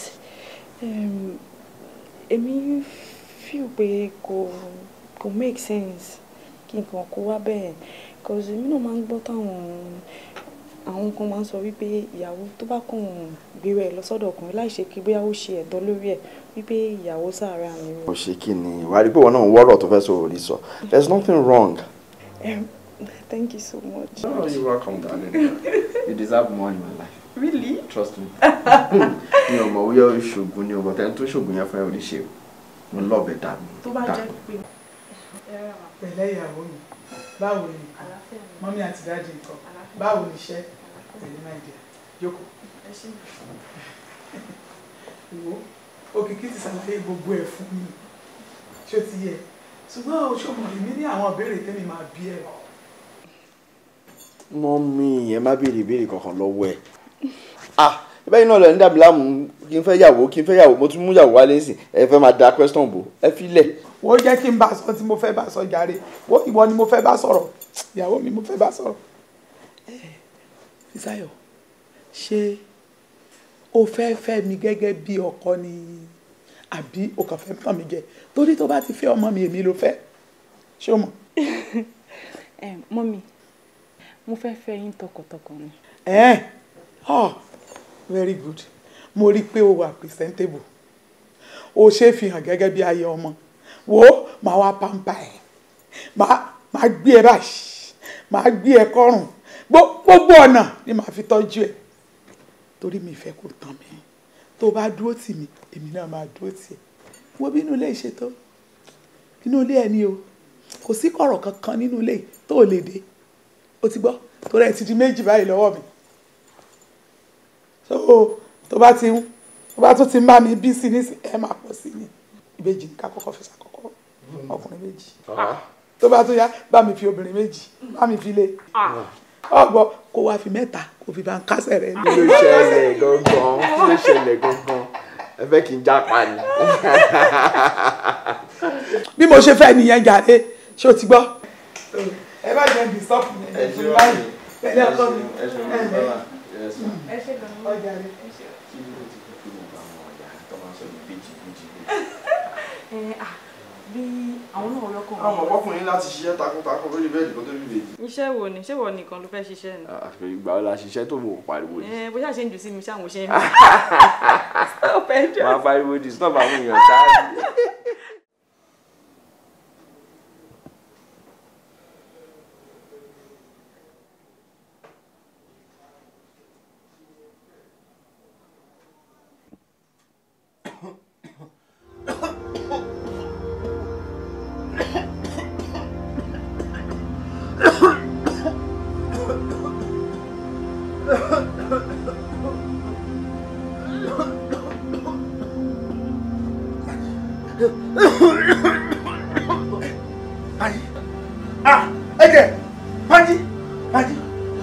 èmi feel pé kò kò make sense kí nǹkan kó wá bẹ́ẹ̀ cause èmi náà máa ń gbọ́ táwọn àwọn kan máa ń sọ wípé ìyàwó tó bá kàn gbéra ẹ̀ lọ́sọ́dọ̀ ọkùnrin láì ṣe kí bóyá ó ṣe ẹ̀tọ́ lórí ẹ̀ wípé ìyàwó sàárà mi.
kò ṣe kí ni ìwádìí pé wọn náà wọ́rọ̀ tó fẹ́ sọ̀rọ̀ ní sọ there is nothing wrong.
Um, Thank you so much. Oh, you're
welcome, darling. you deserve more in my life. Really? Trust me. You know, my bóyá ìṣògùn ni o, but ẹni tó ṣògùn yẹn fún ẹ ò lè ṣe o. Mo love ẹ dànù. Tó bá jẹ́ pé pẹ̀lẹ́ ìyàwó mi, báwo ni? Mọ́mí àti dáàdì nǹkan. Báwo ni iṣẹ́? Pẹ̀lú máa jẹ. Jókòó. Ìwọ, *laughs* òkìkí ti ṣàlàyé gbogbo ẹ̀ fún mi. Ṣé o ti yẹ? Ṣùgbọ́n o ṣọmọ èmi ní àwọn ìbéèrè tẹ́mi máa bí ẹ̀ mọ́mí ẹ má béèrè ìbéèrè kankan lọ́wọ́ ẹ̀ ah bẹ́ẹ̀ náà lọ ní dàbí láàmú kí n fẹ́ yàwó kí n fẹ́ yàwó mo tún mú yàwó wálé sí ẹ fẹ́ máa da question bò ẹ fi lẹ̀. wo jẹ́ kí n bá sọ tí mo fẹ́ bá sọ jàre wo ìwọ ni mo fẹ́ bá sọ̀rọ̀ ìyàwó mi mo fẹ́ bá sọ̀rọ̀. Fisáyọ̀ ṣé o fẹ́ fẹ́ mi gẹ́gẹ́ bí ọkọ ni àbí o kàn fẹ́ tàn mí jẹ torí tó bá ti fẹ́ ọmọ mi èmi ló fẹ́ ṣé o mọ̀. *laughs*
mọ́mí mo fẹ́ fẹ́ yín tọkàntọkàn ni.
ẹ ẹ oh very good mo rí i pé o wà presentable o ṣe fi hàn gẹ́gẹ́ bí ayé ọmọ wo màá wá pampa ẹ màá gbé ẹ báyìí màá gbé ẹ kọrùn gbogbo ọ̀nà ni màá fi tọ́jú ẹ torí mi fẹ́ kó tán mi tó bá dúró tì mí èmi náà máa dúró tì ẹ wo bí inú ilé ìṣètò inú ilé ẹni o kò sí kọ̀rọ̀ kankan nínú ilé tó lè dé o ti gbọ́ torí ẹ ti di méjì báyìí lọ́wọ́ mi so tó bá ti ń tó bá tún ti ń bá mi bí sí nísìn ẹ máa pọ̀ sí ni ìbejì ní ká kọ́kọ́ fẹsẹ̀ àkọ́kọ́ ọkùnrin méjì ah. tó bá tún yá bá mi fi obìnrin méjì bá mi fi lé ọgbọ ah. kó wá fi mẹ́ta kó fi bá ń kásẹ̀ rẹ. kí ló ṣẹlẹ̀
gangan kí ló ṣẹlẹ̀ gangan ẹ fẹ́ kí n já
ni. bí mo ṣe fẹ́ nìyẹn jàre ṣé o ti gbọ́ ẹ bá jẹ́ bí sọ́ọ̀pù ní ẹ̀jẹ̀ báyìí
pẹ̀lú ọkọ mi ẹ̀jẹ̀
ọjà rẹ̀.
bí àwọn náà lọ́kàn. àwọn ọ̀pọ̀kùnrin
láti
ṣiṣẹ́ takuntakun lórí
iṣẹ́ wo ni ṣé ló fẹ́ ṣiṣẹ́ ni.
Ah, ìgbà wo la ṣiṣẹ́ tó mò ń pariwo ni.
bó ṣáà ṣe ń jù sí mi ṣáà mo ṣe ń bí.
*laughs* máa pariwo
di stop àwọn èèyàn ṣáà.
*laughs*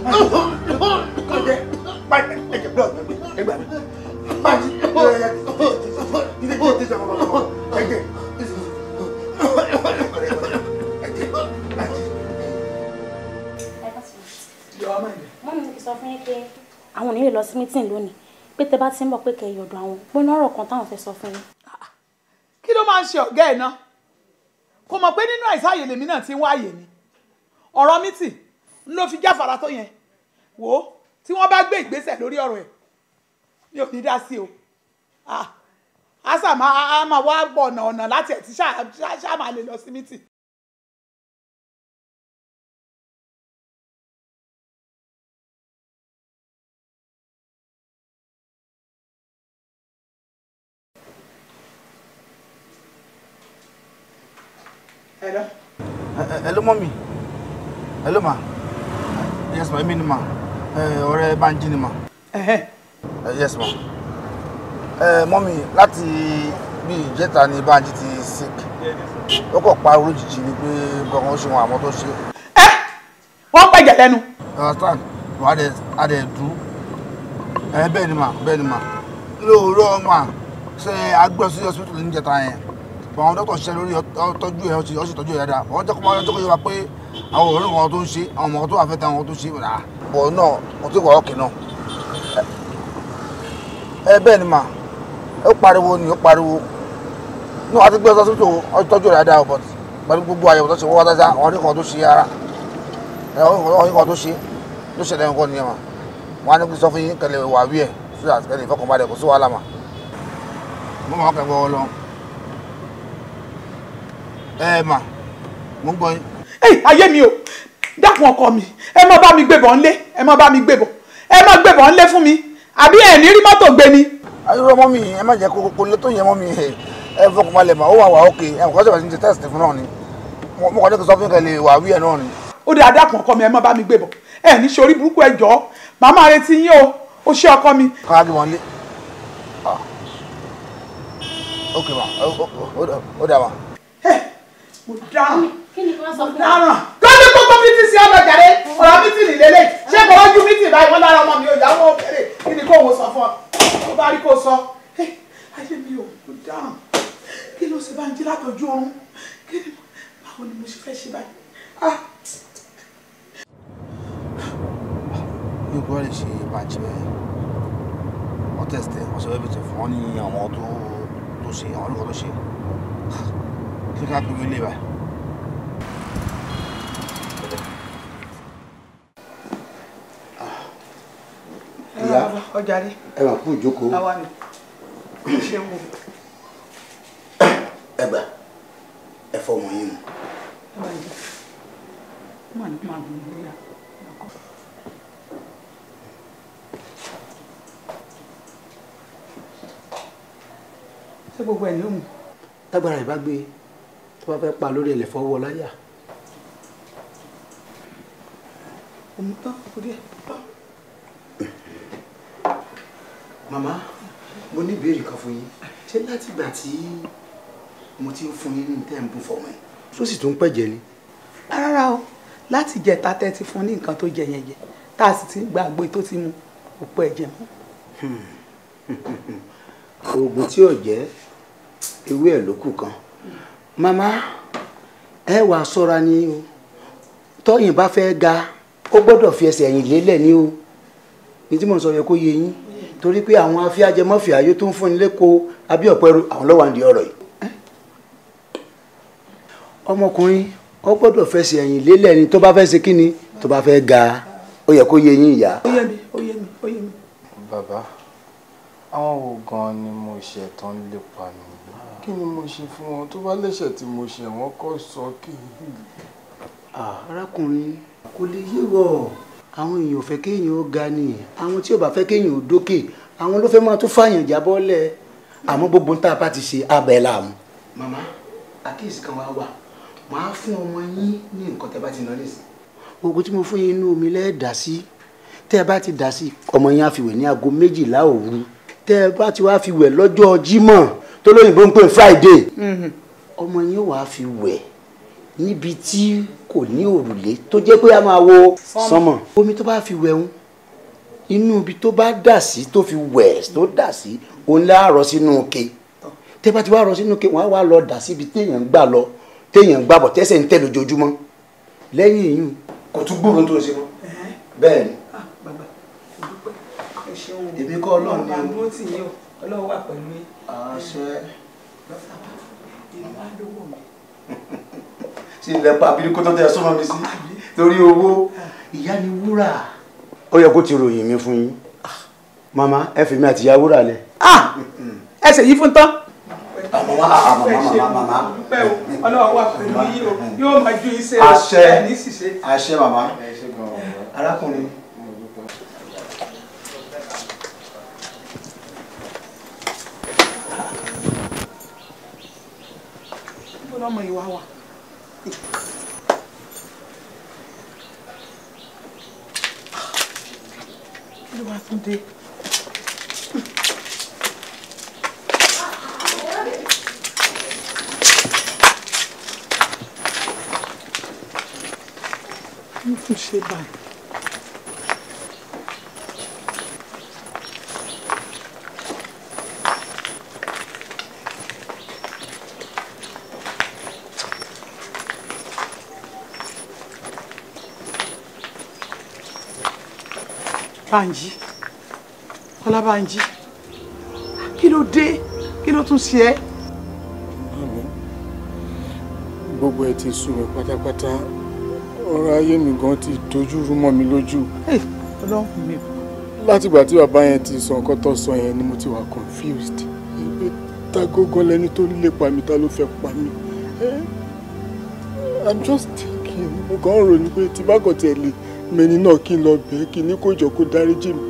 kọjá pàjẹ́ ẹ̀jẹ̀ blood ẹgbẹ́ pàjẹ́ ẹ̀jẹ̀ títí títí sọ fún ọ ẹ̀jẹ̀ ẹ̀jẹ̀ pàjẹ́.
mọ́mí ti sọ fún yín pé
àwọn ò ní lè lọ sí mítìn lónìí pé tẹ bá ti ń bọ̀ pé kẹ́ yọ̀dọ̀ àwọn gbóná ọ̀rọ̀ kan táwọn fẹ́ sọ fún yín.
kí ló máa ń ṣe ọ̀gá ẹ̀ náà kò mọ̀ pé nínú àìsàn àyè lèmi náà ti ń wáyè ni ọ̀rọ̀ mítì ló fi jáfara tó yẹn wò ó tí wọ́n bá gbé ìgbésẹ̀ lórí ọ̀rọ̀ ẹ̀ mi ò ní dá sí o a sà máa máa wá bọ̀ ọ̀nà ọ̀nà láti ẹ̀ tí ṣáà máa lè lọ sí mítì.
Hello. Hello, mommy. Hello, ma. Yes, ma. I mean, ma. Eh, ọ̀rẹ́ Bánjí ni mà. Eh, yes ma eh, mọ́mì láti bí ìjẹta ni Bánjí ti sick ó kọ̀ pariwo lójijì ni pé gbọ̀ngàn ṣe wọn àmọ́ tó ṣe. ẹ wọ́n pẹ̀jẹ̀ lẹ́nu. understand wàá dẹ̀ adẹ̀dú ẹ bẹ́ẹ̀ ni mà bẹ́ẹ̀ ni mà lóòrò ọmọ à ṣe agbẹ́sí hospital níjẹta yẹn àwọn dókítà ṣiṣẹ́ lórí ọtọ́jú ẹ̀ ọtí ọtọ́jú ẹ̀ dáadáa wọ́n jẹ́ kó máa yọjọ́ kó yẹ wa pé àwọn òórùn kan tó ń ṣe àwọn ọmọ tó wà fẹ́ tẹ àwọn tó ṣe rà á bọ̀ náà mo ti wà ọ̀kì náà ẹ bẹ́ẹ̀ ni mà ó pariwo ni ó pariwo náà àti gbé ọtọ́sí tó ọtọ́jú rẹ̀ dáa but pẹ̀lú gbogbo àyẹ̀wò tó ṣe wọ́n dáadáa àwọn oníkan tó ṣe ara àwọn oníkan tó ṣe ló ṣẹlẹ̀ nǹkan nìyẹn mà wọ́n á ní kí sọ fún yín kẹlẹ̀ wà wí ẹ̀ sí àtẹ̀lẹ̀ ìfọkànbalẹ̀ kò sí wàhálà mà mo máa kẹ́ gbọ́ lọ ẹ mà mo ń gbọ́ yín.
ẹ ayé mi o dákun ọkọ mi ẹ má bá mi gbébọn lé ẹ má bá mi gbébọn ẹ má gbébọn lé
fún mi àbí ẹ ní rí mọ́tò gbé ni. ayọ̀rọ̀ mọ́ mi ẹ má jẹ́ kó kó lé tó yẹ mọ́ mi ẹ fọkàn balẹ̀ mọ́ ó wà wà ókè ẹ kọ́ sọ̀rọ̀ sí ti tẹ́sítì fún náà ni mo kàn ní kí sọ fún
kẹlẹ́ wà wíyẹn náà ni. ó dáa dákun ọkọ mi ẹ má bá mi gbébọn ẹ ní sori burúkú ẹ jọ màmá retí yín o ó ṣe ọkọ mi. káwá gbébọn lé
ókè ah. mà ó dà mà mo dáràn mo
dáràn lórí gbogbo mítì sí ọ̀nà jàre ọ̀rọ̀ mítì nìlélẹ̀ ṣé kò lójú mítì báyìí wọ́n lára ọmọ mi ò yá wọ́n bẹ̀rẹ̀ kí ni kò wò sọ fún ọ tó bá rí kò sọ ayé mi ò mo dáràn kí ló ṣe bá ń jí látọjú oorun kí ni báwo ni mo ṣe fẹ́ ṣe báyìí.
yóò bọ́ lè ṣe ìbàjẹ́ wọ́n tẹ̀sítẹ̀ wọ́n ṣe wẹ́ẹ̀bì tẹ̀ fún ọ ní àwọn tó ṣe àwọn olùkọ́ tó ṣe ṣé ká pinnu ilé wa. ìyá
ọjà rí ẹ wà fún ìjókòó. àwa ni *coughs* ṣé wo. ẹ gbà ẹ fọ ọmọ yín mu. ṣé gbogbo ẹ̀ ni ó mú. tágbára ẹ̀ bá gbé bá fẹ́ pa lórí ẹ̀lẹ̀ fọwọ́ láyà. òun tán kò díẹ̀. màmá mo ní ìbéèrè kan fún yín ṣé látìgbà tí mo ti ń fún yín ní tẹ́ ń bù fọmọ yìí. tó sì tún pẹ̀jẹ̀ ni. rárá o láti jẹta tẹ́ ti fún ní nǹkan tó jẹ yẹn jẹ tá a sì ti gba àgbo tó ti mu òpó ẹ̀jẹ̀ mọ́. Hmm. *laughs* oògùn tí ò jẹ́ ewé ẹ̀ ló kan. Mama, ẹ wà ṣọ́ra ni o tọ́yìn bá fẹ́ ga ó gbọ́dọ̀ fi ẹsẹ̀ ẹ̀yìn lélẹ̀ ni o ní tí mò ń sọ yẹ kó yé yín torí pé àwọn afíájẹmọ́fì ayé tó ń fún ilé ko abíọ̀pẹ̀rù àwọn lọ́wọ́ àǹdí ọ̀rọ̀ yìí. ọmọkùnrin ó gbọ́dọ̀ fẹsẹ̀ ẹ̀yìn lélẹ̀ ni tó bá fẹ́ ṣe kí ni tó bá fẹ́ ga ó yẹ kó yé yín ìyá. ó yé mi ó yé mi ó yé mi. bàbá àwọn wo gan-an ni mo ṣe tán lépa mi kí ni mo ṣe fún wọn tó bá lẹ́sẹ̀ tí mo ṣe wọ́n kọ́ sọ kí n. arákùnrin kò lè yé wọ àwọn èèyàn ò fẹ́ kéèyàn ó ga ni àwọn tí ò bá fẹ́ kéèyàn ó dókè àwọn ló fẹ́ máa tún fààyàn jábọ́lẹ̀ àmọ́ gbogbo tá a bá ti ṣe abẹ́ là mú. màmá àkíyèsí kan wá wà màá fún ọmọ yín ní nǹkan tẹ́ bá ti ná nísìn. oògùn tí mo fún yín inú omi lẹ́ẹ̀dá sí tẹ́ ẹ bá ti dà sí ọmọ yín á ní aago méjìlá òru tẹ́ ẹ bá ti wá fi wẹ̀ lọ́jọ́ jímọ̀ tólóyìnbó ń pè friday mm-hmm. ọmọ yín wàá fi wẹ̀ níbi tí kò ní òrùlé tó jẹ́ pé a máa wo sánmọ̀ omi tó bá fi wẹ̀ ń inú ibi tó bá dà sí tó fi wẹ̀ tó dà sí òun láàárọ̀ sínú ke tẹ́ bá ti wá rọ sínú ke wọ́n á wá lọ dà síbi téèyàn ń gbà lọ téèyàn ń gbà bọ̀ tẹ́sẹ̀ ń tẹ̀ lójoojúmọ́ lẹ́yìn èyí kò tún gbóòórùn tó ṣe mọ́ bẹ́ẹ̀ ni ah, èmi kọ́ ọlọ́run ni ọlọ́run wà pẹ̀lú mi. àṣẹ. ìlú adówó mi. ṣe ilẹ̀ pa àbílíkó tó tẹ ẹ sọ́nà mi sí torí owó ah. ìyá ni wúrà. ó yẹ kó ti ròyìn mi fún yín màmá ẹ fi mi àti ìyá wúrà lẹ. Ah! ẹ ṣèyí fún tán. Àmàmá àmàmá àmàmá. Ọlọ́run wà pẹ̀lú yín o, yóò máa ju iṣẹ́ rẹ̀ ní ṣìṣe. Àṣẹ màmá. Arákùnrin.
lọ́mọ ìwà wa. ló wá tún dé.
mo tún ṣe
Bánjí Ọlábánjí kí ló dé kí ló tún ṣe ẹ́.
àmì gbogbo ẹ ti sú mi pátápátá ọ̀rọ̀ ayé mi gan ti dojú rú mọ́ mi lójú. ọlọ́run mi. látìgbà tí bàbá yẹn ti sọ nǹkan tó sọ yẹn ni mo ti wà confused ìgbé ta gógó lẹni tó lépa mi ta ló fẹ́ pa mi. Eh, i'm just thinking mo kàn ń ròyìn pé tí bá kàn tiẹ̀ lè mẹni náà kí n lọ bẹ̀ẹ́ kí ní kó jọ kó dáríjì mi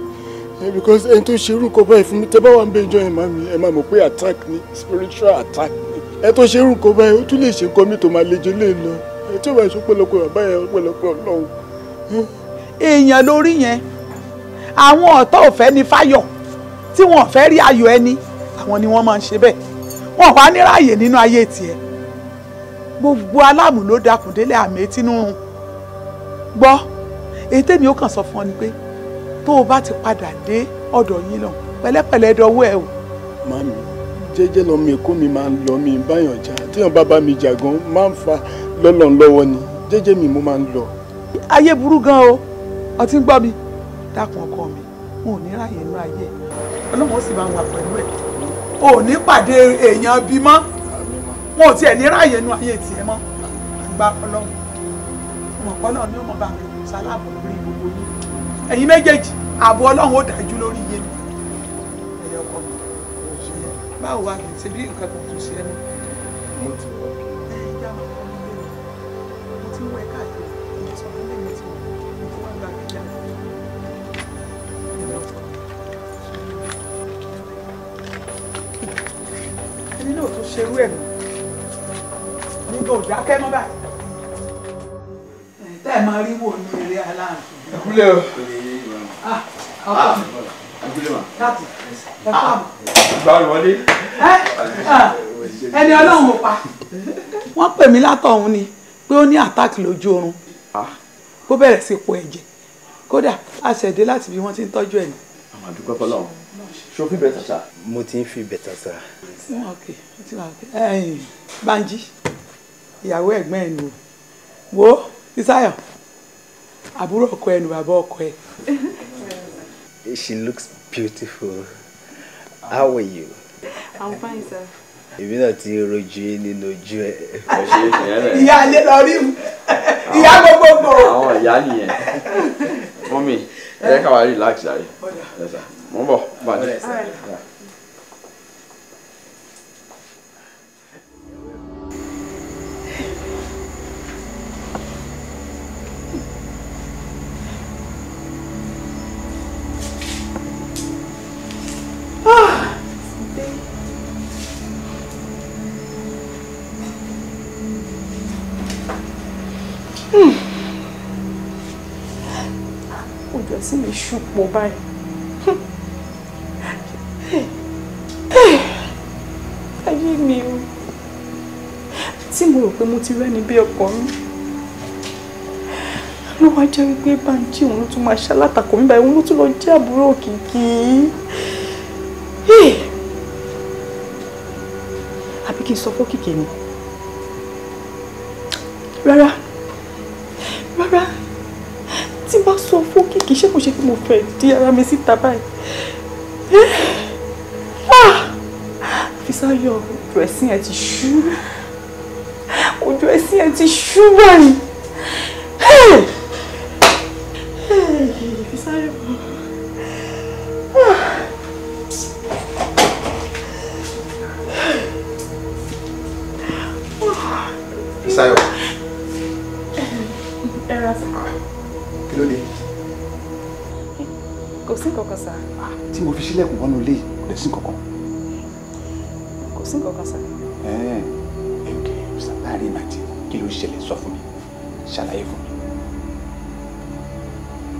eh, because ẹni tó ṣerú nǹkan báyìí fún mi tẹ bá wà ń bẹ ìjọ ẹ̀ máa mi ẹ máa mọ̀ pé attack ni spiritual
attack ni ẹ tó ṣerú nǹkan báyìí ó tún lè ṣe nǹkan mi tó máa lejò lè e lọ ẹ tí ó bá ṣe pẹ̀lọpẹ̀ bàbá yẹn pẹ̀lọpẹ̀ Ọlọ́run. Eh. èèyàn lórí yẹn àwọn ọ̀tọ́ ò fẹ́ ni fáyọ̀ tí wọn ò fẹ́ rí ayọ̀ ẹni àwọn ni wọ́n máa ń ṣe bẹ́ẹ̀ wọn ò wá ní ráàyè nínú ayé tiẹ̀ gbogbo aláàmú ló dakùn délé àmì etí gbọ́ èyí tèmi ó kàn sọ fún ọ ni pé tó o bá ti padà dé ọ̀dọ̀ yín náà pẹ̀lẹ́pẹ̀lẹ́ dọwọ́ ẹ o. màmí jẹ́jẹ́ lọ́mọ èkó mi máa ń lọ mi báyọ̀ jà téèyàn bá bá mi jà gan máa ń fa lọ́lọ́n lọ́wọ́ ni jẹ́jẹ́ mi mo máa ń lọ. ayé burú gan o ọtí ń gbọ́ mi dákun ọkọ mi mo ò ní ráyè inú ayé ọlọ́run ó sì máa wà pẹ̀lú ẹ̀ ò ní pàdé èèyàn bí mọ́ wọn ò tiẹ̀ ní ráyè inú ayé tiẹ̀ mọ́ àgbà ọlọ́run ọmọ ọ̀pọ̀ ni ó bá mi sálábọ̀ ẹ̀yin méjèèjì ààbò ọlọ́run ó dájú lórí iye mi ẹ̀yọ ọkọ mi báwo wá ṣe bí nǹkan kan tún ṣe ẹni. mo ti wọ ẹ ìjà máa wọ ilé mi mo ti wọ ẹ káàkiri ìyẹn sọ fún mi tí mo ti wá gba ìjà ẹni náà tún ṣerú ẹ̀ mi nígbà òjá kẹ́ mọ́ báyìí. tẹ́ ẹ máa rí wò ní eré aláàfin kúlẹ̀ o. Ah, gbàlúwọlé. ẹni ọlọ́run mo pa. wọ́n pè mí látọ̀hún ni pé ó ní àtàkì lójú oorun kó ah. bẹ̀rẹ̀ sí po ẹ̀jẹ̀ kódà a ṣẹ̀dé láti bí wọ́n ti ń tọ́jú ẹ̀ ni. àwọn àdúgbò fọlọ́ ṣó fi bẹ̀tà sá. mo ti ń fi bẹ̀tà sá. Bánjí ìyàwó ẹ̀gbọ́n ẹ̀ ni o wo Tísáyọ̀ àbúrò ọkọ ẹ nù bàbá ọkọ ẹ. She looks beautiful. How are you?
I'm fine, sir.
Èmi náà ti rojú nínú ojú ẹ. Ìyá alẹ́ lọ rí mu. Ìyá gbogbogbò. Àwọn ìyá nìyẹn. Mọ́mí, ẹ ká wá relax jàre. Mọ́ bọ̀, bàjẹ́.
àǹtí mi ṣùpọ̀ báyìí. ayé mi o tí mo rò pé mo ti rẹ́ni bí ọkọ mi ló wá jẹ́ wípé báńkì òun ló tún máa ṣalátakò mi báyìí òun ló tún lọ jẹ́ àbúrò òkìkí. àbí kí n sọ fún kìkì ni rárá mo fẹ́ di ara mi síta báyìí. Fisáyọ̀ ojú ẹ̀sìn ẹ̀ ti ṣú. Ojú ẹ̀sìn ẹ̀ ti ṣú báyìí. Fisáyọ̀.
Fisáyọ̀.
sí nǹkan
kan sá. Ah, tí mo fi sílẹ̀kùn wọnú ilé yìí kò lè sí nǹkan kan. kò sí nǹkan kan sá. ẹ ẹ ok sá láàrin màtí kí ló ṣẹlẹ̀ sọ fún mi ṣàlàyé fún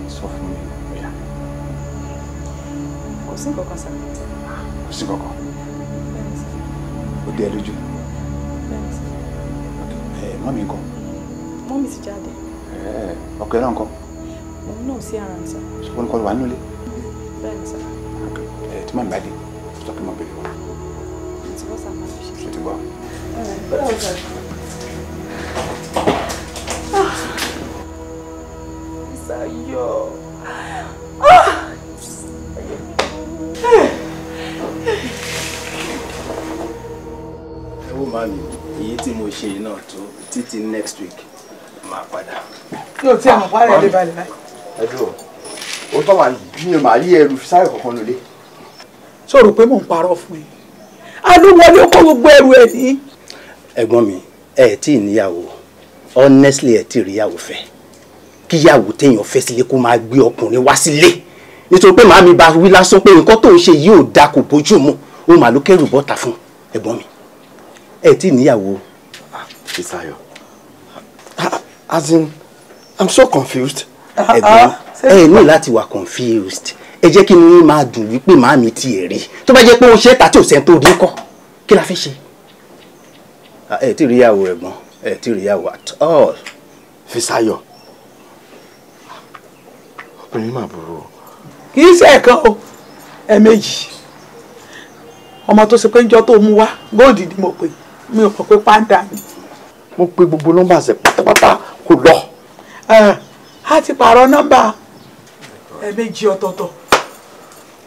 mi sọ fún mi bóyá. kò sí nǹkan kan sá. Ah, kò sí nǹkan kan. ó dé ẹ lójú. ẹ mọ́mí ńkọ́.
mọ́mí ti jáde.
ẹ ọkọ ẹ náà ńkọ́.
òun náà sí ara ń sá.
sọ fún mi kọ́ ló wà nílé
ẹ
tí màá bá dé sọ pé mo bèrè wa. ṣe ti gbọ́.
Sayo. Ah!
next week máa padà. yóò tí a mọ̀ pa rẹ̀ lé balẹ̀ báyìí. ẹ mi ò máa rí ẹrù sáré kankan lólé. sọ̀rọ̀ pé mò ń parọ́ fún ẹ alówọlé kó gbogbo ẹrù ẹ ní. ẹ̀gbọ́n mi ẹ tí ì níyàwó honestly ẹ̀ tí ì ríyàwó fẹ́ kíyàwó téèyàn fẹ́ sílé kó máa gbé ọkùnrin wá sílé nítorí pé màámi bá wí lásán pé nǹkan tó ń ṣe yìí ò da kò bójú mu ó mà ló kẹrù bọ́ta fún ẹ̀gbọ́n mi ẹ tí níyàwó. Fisayo, ah, ah, as in, I'm so confused. ẹ̀gbọ́n ẹ ní láti wà confused ẹ jẹ́ kí ni máa dùn wípé màá mi tiẹ̀ rí tó bá jẹ́ pé ó ṣe tàtí ò sẹ́ńtò rí kọ́ kí la fẹ́ ṣe. ẹ ti rí ìyàwó rẹ gbọ́n ẹ ti rí ìyàwó at all. Fisáyọ̀ ọkùnrin mà burú o. kì í ṣe ẹ̀kan o ẹ̀ẹ̀mejì ọmọ tó ṣe pé njọ́ tó mú wá góòdì ni mo pè mi ò mọ̀ pé pàǹdà ni. mo pe gbogbo nọ́mbà ṣe pátápátá kò lọ. a ti pààrọ̀ nọ́mbà ẹ̀ẹ̀mejì ọ̀tọ̀ọ̀tọ̀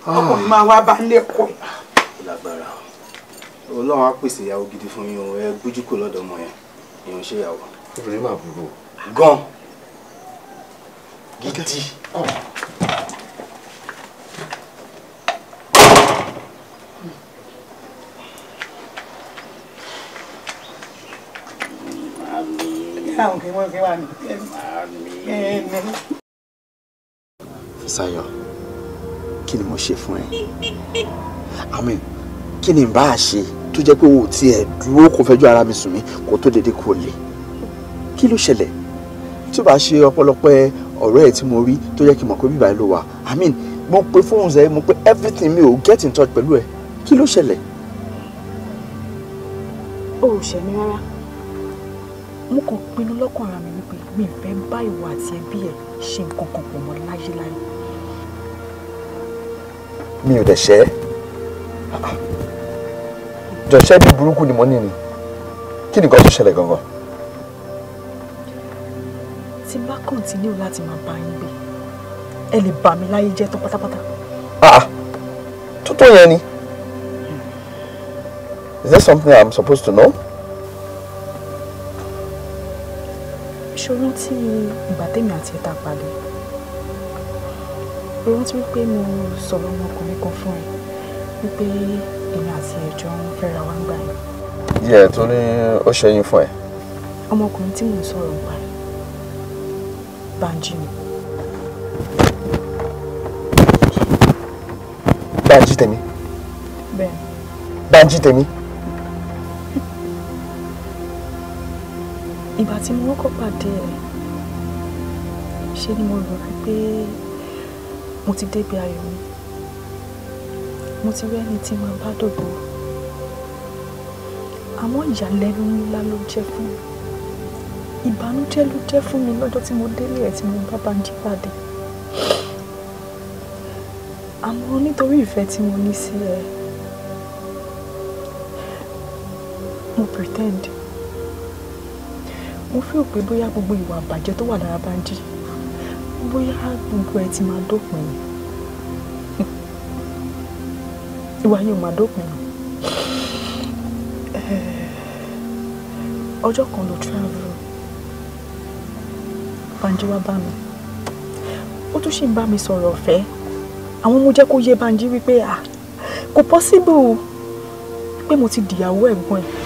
ah. ọkọ mi máa wá bá ń lẹ́kọ̀ọ́.
lágbára ọlọ́run á pèsè
ìyàwó gidi fún yín o ẹ gbójú kò lọ́dọ̀ ọmọ yẹn èèyàn obìnrin máa burú. gan gidi. Àwọn kí wọ́n kí wà Sayọ̀ kí ni mo ṣe fún ẹ àmì kí ni bá a ṣe tó jẹ́ pé o ò tiẹ̀ dúró kó fẹjọ́ ara mi sùn mí kó tó dédé kó lè kí ló ṣẹlẹ̀ tí o bá ṣe ọ̀pọ̀lọpọ̀ ọ̀rẹ́ ẹ̀ tí mo rí tó yẹ kí n mọ̀ pé bíbá ẹ ló wà i mean mo pe fóònù ẹ mo pe everything mi ò get in touch pẹ̀lú ẹ kí ló ṣẹlẹ̀.
o ò ṣẹ̀ mi rárá mo kàn pinnu lọ́kàn ara mi wípé mi ò fẹ́ bá ìwà àti ẹbí ẹ̀ ṣe nǹkan kan pọ̀ mọ́ láyéláyé
mi ò dẹ̀ ṣẹ́ jọ̀ṣẹ́ bí burúkú ni mo ní ni kí ni nǹkan tó ṣẹlẹ̀ gangan.
tí bá kọ́ńtínú láti máa bá yín gbé ẹ lè bà mí láyé jẹ́ tán pátápátá. Ah, ah.
tó tó yẹn ni is there something I'm supposed to know?
ṣòro tí ìgbà tèmi àti ẹ̀ta pàdé mo rántí wípé mo sọ̀rọ̀ ọmọkùnrin kan fún ẹ wípé èmi àti ẹ̀jọ́ ń fẹ́ra wá ń gbà yẹn. yẹ ẹ
tó ní ó ṣẹyìn fún ẹ.
ọmọkùnrin tí mò ń sọ̀rọ̀ nípa ẹ̀ Bánjí ni. Bánjí tèmi. bẹ́ẹ̀. Bánjí tèmi. ìgbà tí mo kọ́kọ́ pàdé ẹ̀ ṣe ni mo rò wípé mo ti débi ayọ̀ mi mo ti rí ẹni tí màá bá dògbò àmọ́ ìyàlẹ́nu ńlá ló jẹ́ fún mi ìbànújẹ́ ló jẹ́ fún mi lọ́jọ́ tí mo délé ẹ̀ tí mo bá Bánjí pàdé àmọ́ nítorí ìfẹ́ tí mo ní sí ẹ mo pretend mo feel pé bóyá gbogbo ìwà àbàjẹ́ tó wà lára Bánjí bóyá gbogbo ẹ ti máa dópin ni ìwà yóò máa dópin ni ọjọ́ kan ló travel Banji wá bá mi ó tún ṣì ń bá mi sọ̀rọ̀ ọ̀fẹ́ àwọn mo jẹ́ kó yé Banji wípé kò possible pé mo ti dìyàwó ẹ̀gbọ́n ẹ̀.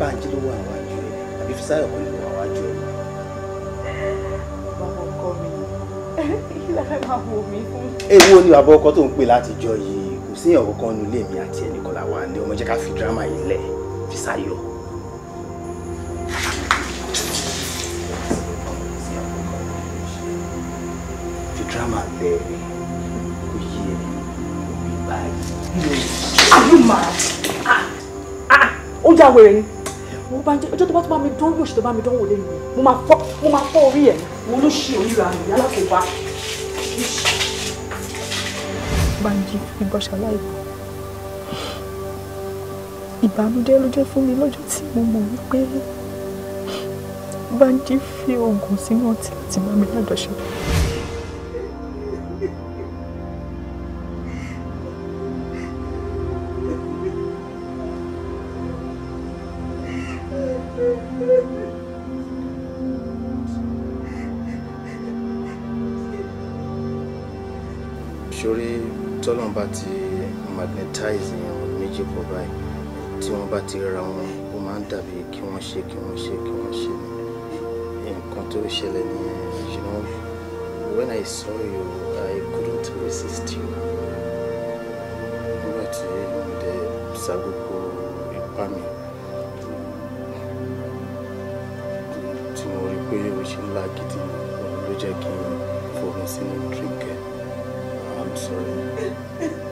báńjí ló wà wájú ẹ àbí fisáyọ̀ kan ló wà ni bàbá ọkọ tó ń pè látijọ́ yìí kò sí ìyàwó kan nílé mi àti ẹnìkan làwọn àlẹ ọmọ jẹ́ ká fi dírámà yìí lẹ̀ fisáyọ̀. drama there. Oh yeah, oh
be bad. Are you mad? Ah, ah, ó ya dánwò ṣètò bá mi dánwò lẹ́nu mo máa fọ́ mo máa fọ́ orí ẹ̀ mo ló ṣe oríra mi yálà kò bá. Bánjí nǹkan ṣàlàyé ìbànújẹ́ ló jẹ́ fún mi lọ́jọ́ tí mo mọ̀ wípé Bánjí fi oògùn sínú ọtí láti bá mi lájọṣepọ̀.
tọ́lọ́n bá ti magnetize èèyàn méjì pọ̀ báyìí tí wọ́n bá ti ra wọn ó máa ń dàbí kí wọ́n ṣe kí wọ́n ṣe kí wọ́n ṣe nǹkan tó ṣẹlẹ̀ nìyẹn you know when I saw you I couldn't resist you nígbà tí mo dẹ̀ ṣàgbọ́gbọ́ ipá mi tí mo rí pé o ṣe ńlá gidi ló jẹ́ kí n fòrùn sínú drink I'm sorry.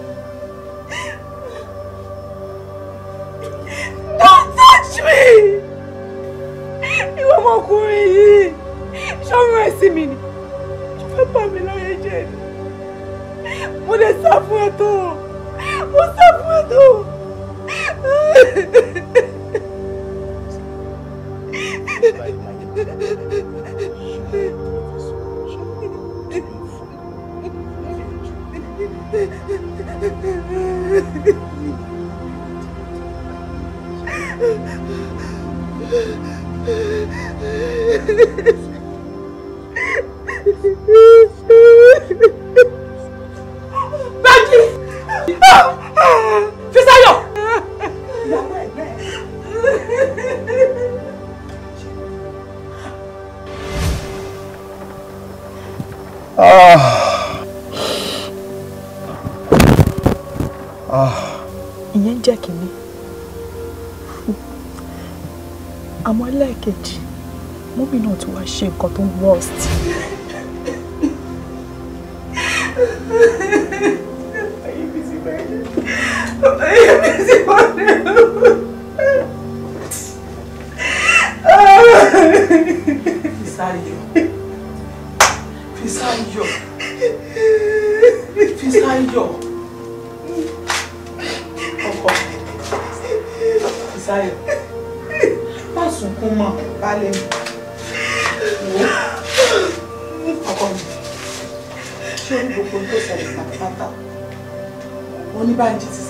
nǹkan tó worst. ayé mi ti bẹ̀rẹ̀ ayé mi ti bẹ̀rẹ̀.
Fisáyọ̀ Fisáyọ̀ бандитство.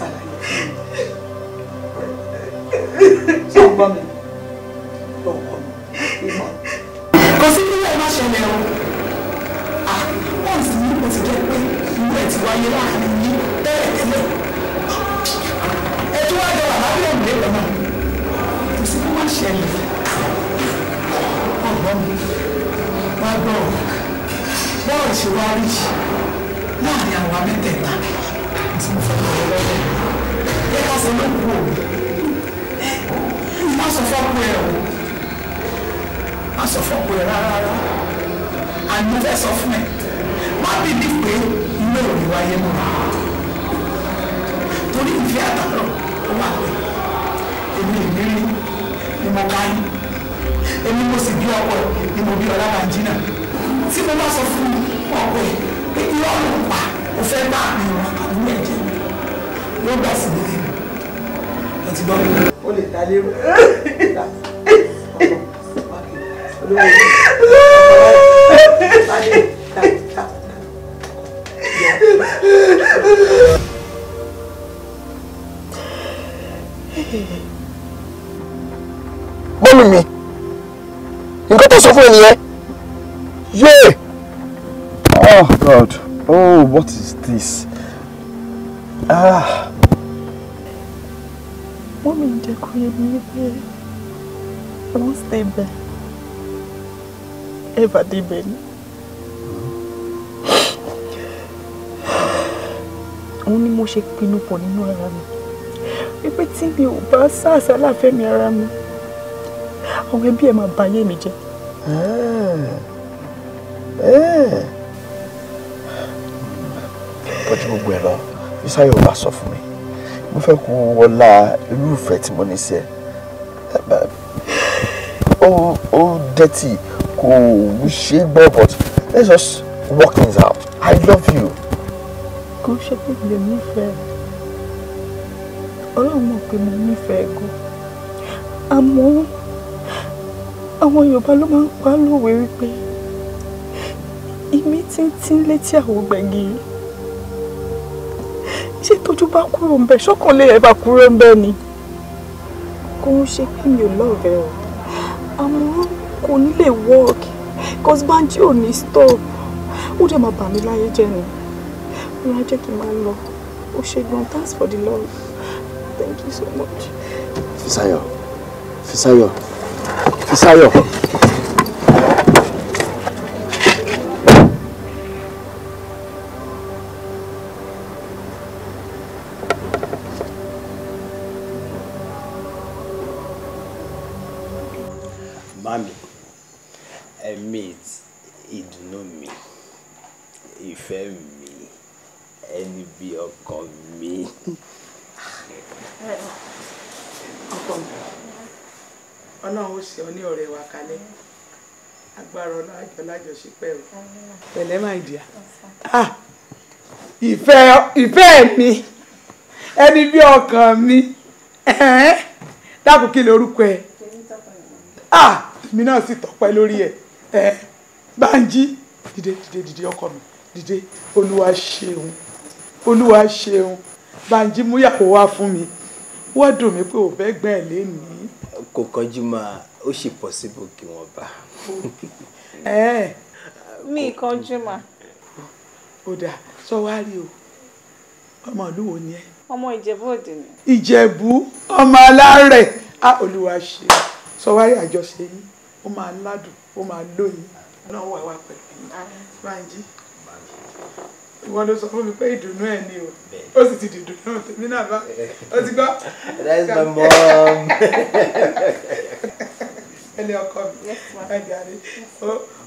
sọ fún ẹnìyẹn yé. oh god oh what is this. Ah.
wọ́n mi jẹ́ kó yé mi pé i wan stay there ever dey there ni. òun ni mo ṣe pinnu pọ̀ nínú ara mi wípé tí mi ò bá sá àsálà fẹ́mi ara mi àwọn ẹbí ẹ̀ máa bà ayé mi jẹ́
bọ́jú
gbogbo ẹ̀ lọ Bísáyọ̀ wá sọ fún mi mo fẹ́ kó wọlá irúfẹ́ tí mo ní sí ẹ ó dẹ́tì
kò ṣe é gbọ́ but let's just work things out I love you.
kò ṣe pé mi ò nífẹ̀ẹ́ ọlọ́run mọ̀ pé mo
nífẹ̀ẹ́ gan
àmọ́ àwọn Yorùbá ló máa ń pa lówe wípé ìmí tíntín létí àwọn gbẹ̀gì ṣé tójú bá kúrò ń bẹ ṣọ́kàn lè ẹ̀bà kúrò ń bẹ ni kò ń ṣe pé mi ò lọ́ọ̀rẹ́ o àmọ́ kò ní lè wọ́ọ̀kì kọ́sibáńjì ò ní stop ó dẹ̀ máa bà mí láyé jẹ́ ni ọ̀rọ̀ ajé kí n máa lọ ó ṣe gan thanks for the love thank you so much.
Fisáyọ̀ Fisáyọ̀. 加油！pẹ̀lẹ́ my dear ah ìfẹ́ ìfẹ́ mi ẹni bí ọkàn mi dákun kí lorúkọ ẹ ah mi náà sì tọpẹ́ lórí ẹ Bánjí dìde dìde dìde ọkọ mi dìde olúwa ṣeun olúwa ṣeun Bánjí múyàwó wá fún mi wọ́n dùn mí pé ò fẹ́ gbẹ́ ẹ̀ lénìí. kò kánjú máa ó ṣe possible kí wọ́n bá
mi kan jùmọ̀.
ó dà sọ wá rí o ọmọ ìlú wo ni ẹ. ọmọ ìjẹ̀bú òde ni. ìjẹ̀bú ọmọ alárẹ̀ á olúwa ṣe sọ wá rí àjọṣe yín ó máa ládùn ó máa lóyin ọlọ́run wà wá pẹ̀lú báyìí ìwọ ló sọ fún mi pé ìdùnnú ẹ ni o ó sì ti dìdùnnú *laughs* tèmi náà bá ó ti gbọ́. that's my
mom.
*laughs* ẹni ọkọ mi ẹ jáde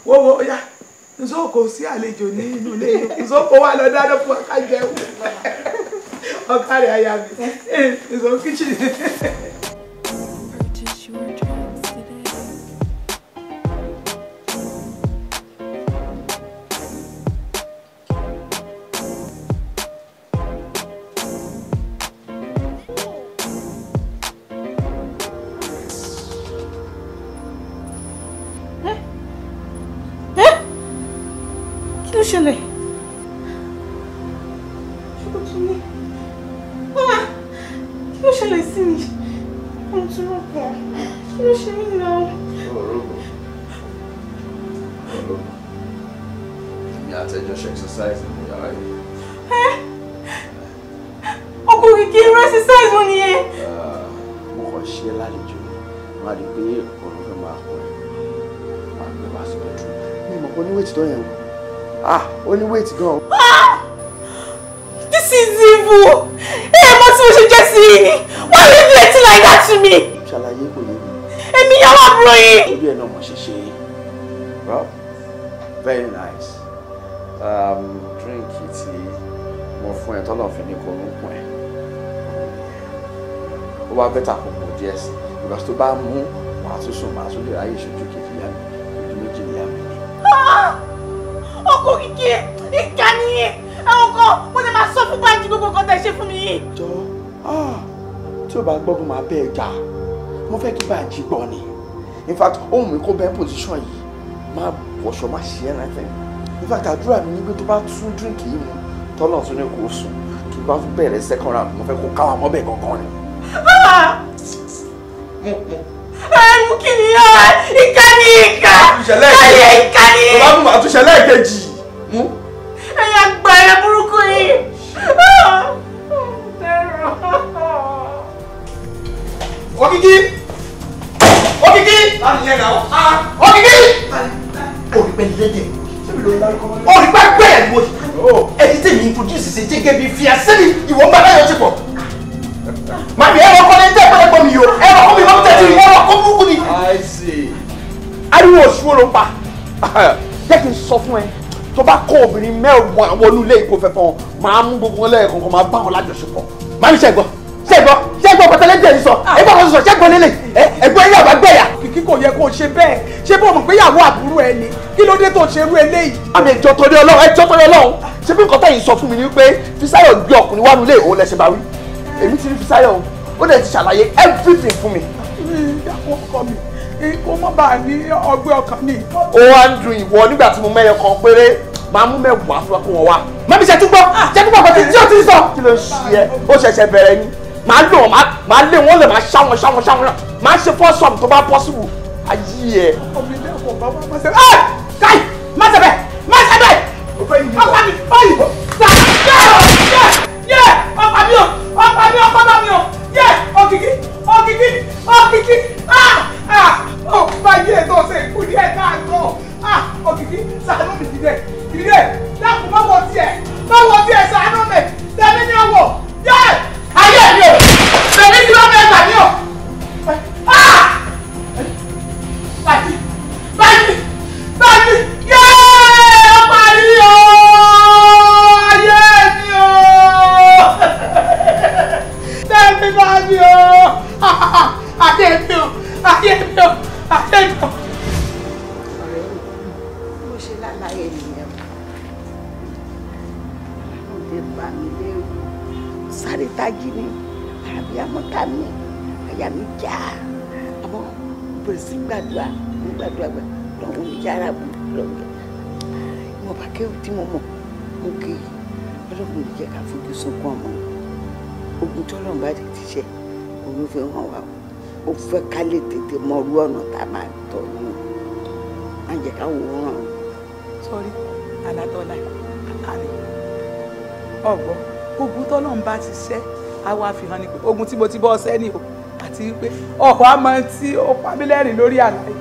wo wo ya nso kò sí àlejò ní inú ilé yìí nso kò wá lọ dáná fún akájẹun ọkàrẹ àyà mi nso kíchìn. yín. orí ẹ̀ náà ṣe ṣe rob very nice um, drink ti mo fún ẹ tọ́lọ̀ fi ní korúnkún ẹ̀ ó wá bẹ́tà kó mọ̀ díẹ̀ sí because tó bá mú màá tún sùn màá tún lè ráyè ìṣojú kejì yá mi ojú
méjì ah! ni yá mi. ọkọ kìkì ìka nìyẹn àwọn kan
mo ní máa sọ fún báńkì gbogbo nǹkan tẹ ṣe fún mi yìí. jọ ah, tí o bá gbọ́ bó máa bẹ́ẹ̀ jà mo fẹ́ kí báńkì gbọ́ ni in fact ohun mi kó bẹ́ẹ̀ position yìí má wọ̀ṣọ́ má ṣe anything in fact àdúrà mi ní pé tó bá tún drink yìí mu tọ́lọ̀ tún ní kò sùn tó bá tún bẹ̀rẹ̀ second round mo fẹ́ kó káwa mọ́ bẹ́ẹ̀ gangan ni. ẹnu kí ni ọ ìka ni ìka ẹyẹ ìka ni. bàbá mi máa túnṣe lẹ́ẹ̀kejì. ẹyẹ àgbàyẹ burúkú yìí. Ogigi! Òkìkí. Òkìkí. Òrìpẹ́ lẹ́dẹ̀. Òrìpẹ́ gbẹ̀yẹ̀ ni mo ṣe. Ẹni tèmi introduce ṣe jẹ́ gẹ́gẹ́ bí fiancé mi ìwọ̀n bá báyọ̀ ti pọ̀. Màmí ẹ̀rọ kọ́ ní tẹ́ pẹ́lẹ́pọ̀ mi yòó. Ẹ̀rọ kọ́ mi máa ń tẹ̀sí ẹ̀rọ kọ́ burúkú ni. Ariwo òṣùwò ló ń pa. Jẹ́ kí n sọ fún ẹ tó bá kó obìnrin mẹ́wàá wọnú ilé ìkó fẹ́fẹ́ wọn máa mú gbogbo wọn lẹ́yìn kankan máa bá wọn lájọṣepọ̀. Màmí ṣẹ̀gbọ́n ṣẹ̀gbọ́n ẹgbẹ́ ọ̀pọ̀ tẹ́lẹ̀ tẹ̀lé sọ ah. ẹgbẹ́ ọ̀pọ̀ sọ ṣẹ́gun lélẹ̀ ẹgbẹ́ ẹ̀yà wà gbẹ̀yà. kìkì kò yẹ kó o ṣe bẹ́ẹ̀ ṣé bó o mọ̀ pé ìyàwó àbúrò ẹ ni kí ló dé tó o ṣe irú eléyìí. àmì ìjọ torí Ọlọ́run ẹjọ torí Ọlọ́run ṣé bí nǹkan tẹ̀yìn sọ fún mi ni pé Fisáyọ̀ gbé ọkùnrin wánu lé òun lẹ́sẹ̀ bá wí èmi ti rí Fisáyọ̀ ó dẹ̀ ti ṣàlàyé everything fún mi. àkókò mi mú mẹ́wàá fún wa kó wọ́n wá. mọ́mí ṣe tún gbọ́ ah. ṣe tún gbọ́ pẹ̀lú tí o ti sọ. kí ló ń ṣe ẹ́ ó ṣẹ̀ṣẹ̀ bẹ̀rẹ̀ ni máa lò wọn máa lé wọn lè máa ṣá wọn ṣá wọn ṣá wọn máa ṣe fọ́sọ̀m tó bá possible ayé ẹ. káì má ṣe bẹ́ẹ̀ má ṣe bẹ́ẹ̀ ọ̀pá mi ọ̀yì gbà yẹ yẹ yẹ ọ̀pá mi o ọ̀pá mi ọ̀pá bá mi o yẹ òkìkí òkìkí òkìkí ah ah ọ̀pá yẹ tó ṣe kú díẹ̀ káàtó ah òkìkí ṣàánú mi dìde dìde dákun bá wọ tiẹ̀ bá wọ tiẹ̀ ṣàánú mi tẹ̀mí ni ọwọ́ yẹ ayé mi o bẹ̀rẹ̀ sí wọn bẹ
tí mo mọ̀ mo kì í ọlọ́run ní jẹ́ ká fojú sunkún ọmọ ogun tọ́lọ́run bá ti ṣe òun ló fi hàn wá ó fẹ́ ká lè tètè mọ orú ọ̀nà tá a máa tọ̀ nù má
jẹ́ ká wò ó ràn. sọrí alátọ́lá àárẹ̀ ọ̀gbọ́ ogun tọ́lọ́run bá ti ṣe á wá fi hàn ní pé ogun tí mo ti bọ́ ọ sẹ́ni o àti pé ọ̀pọ̀ àmọ́ tí ó pamílẹ́rìn lórí àlàyé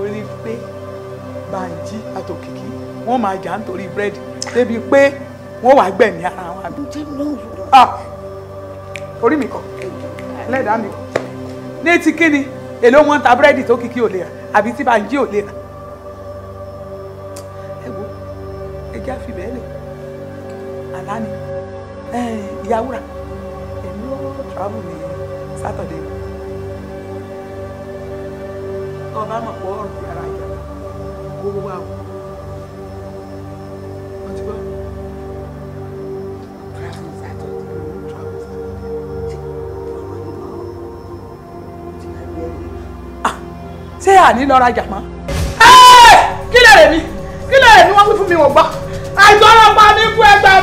ó pé bàǹjí àtòkè wọ́n máa jà nítorí búrẹ́dì débi pé wọ́n wàá gbẹ̀mí ara wọn. Ah! orí mi kọ ẹlẹ́dàá mi kọ ní etí kíni èló wọn ta búrẹ́dì tó kìkì ò lè rà àbí tí bá ń jí ò lè rà. ẹ wo ẹjẹ àfibẹ́ lè àlá ni ìyàwó rà èmi ló travel ní sátọ̀dé ọba mọ̀ pọ̀ ọ̀rọ̀ yàrá ìjà gbogbo àwọn. àní lọ rajà mọ́. kí lè rè mí kí lè rè mí wọ́n wí fún mi wọ́n gbọ́ àjọ ọlọ́pàá ní kú ẹgbẹ́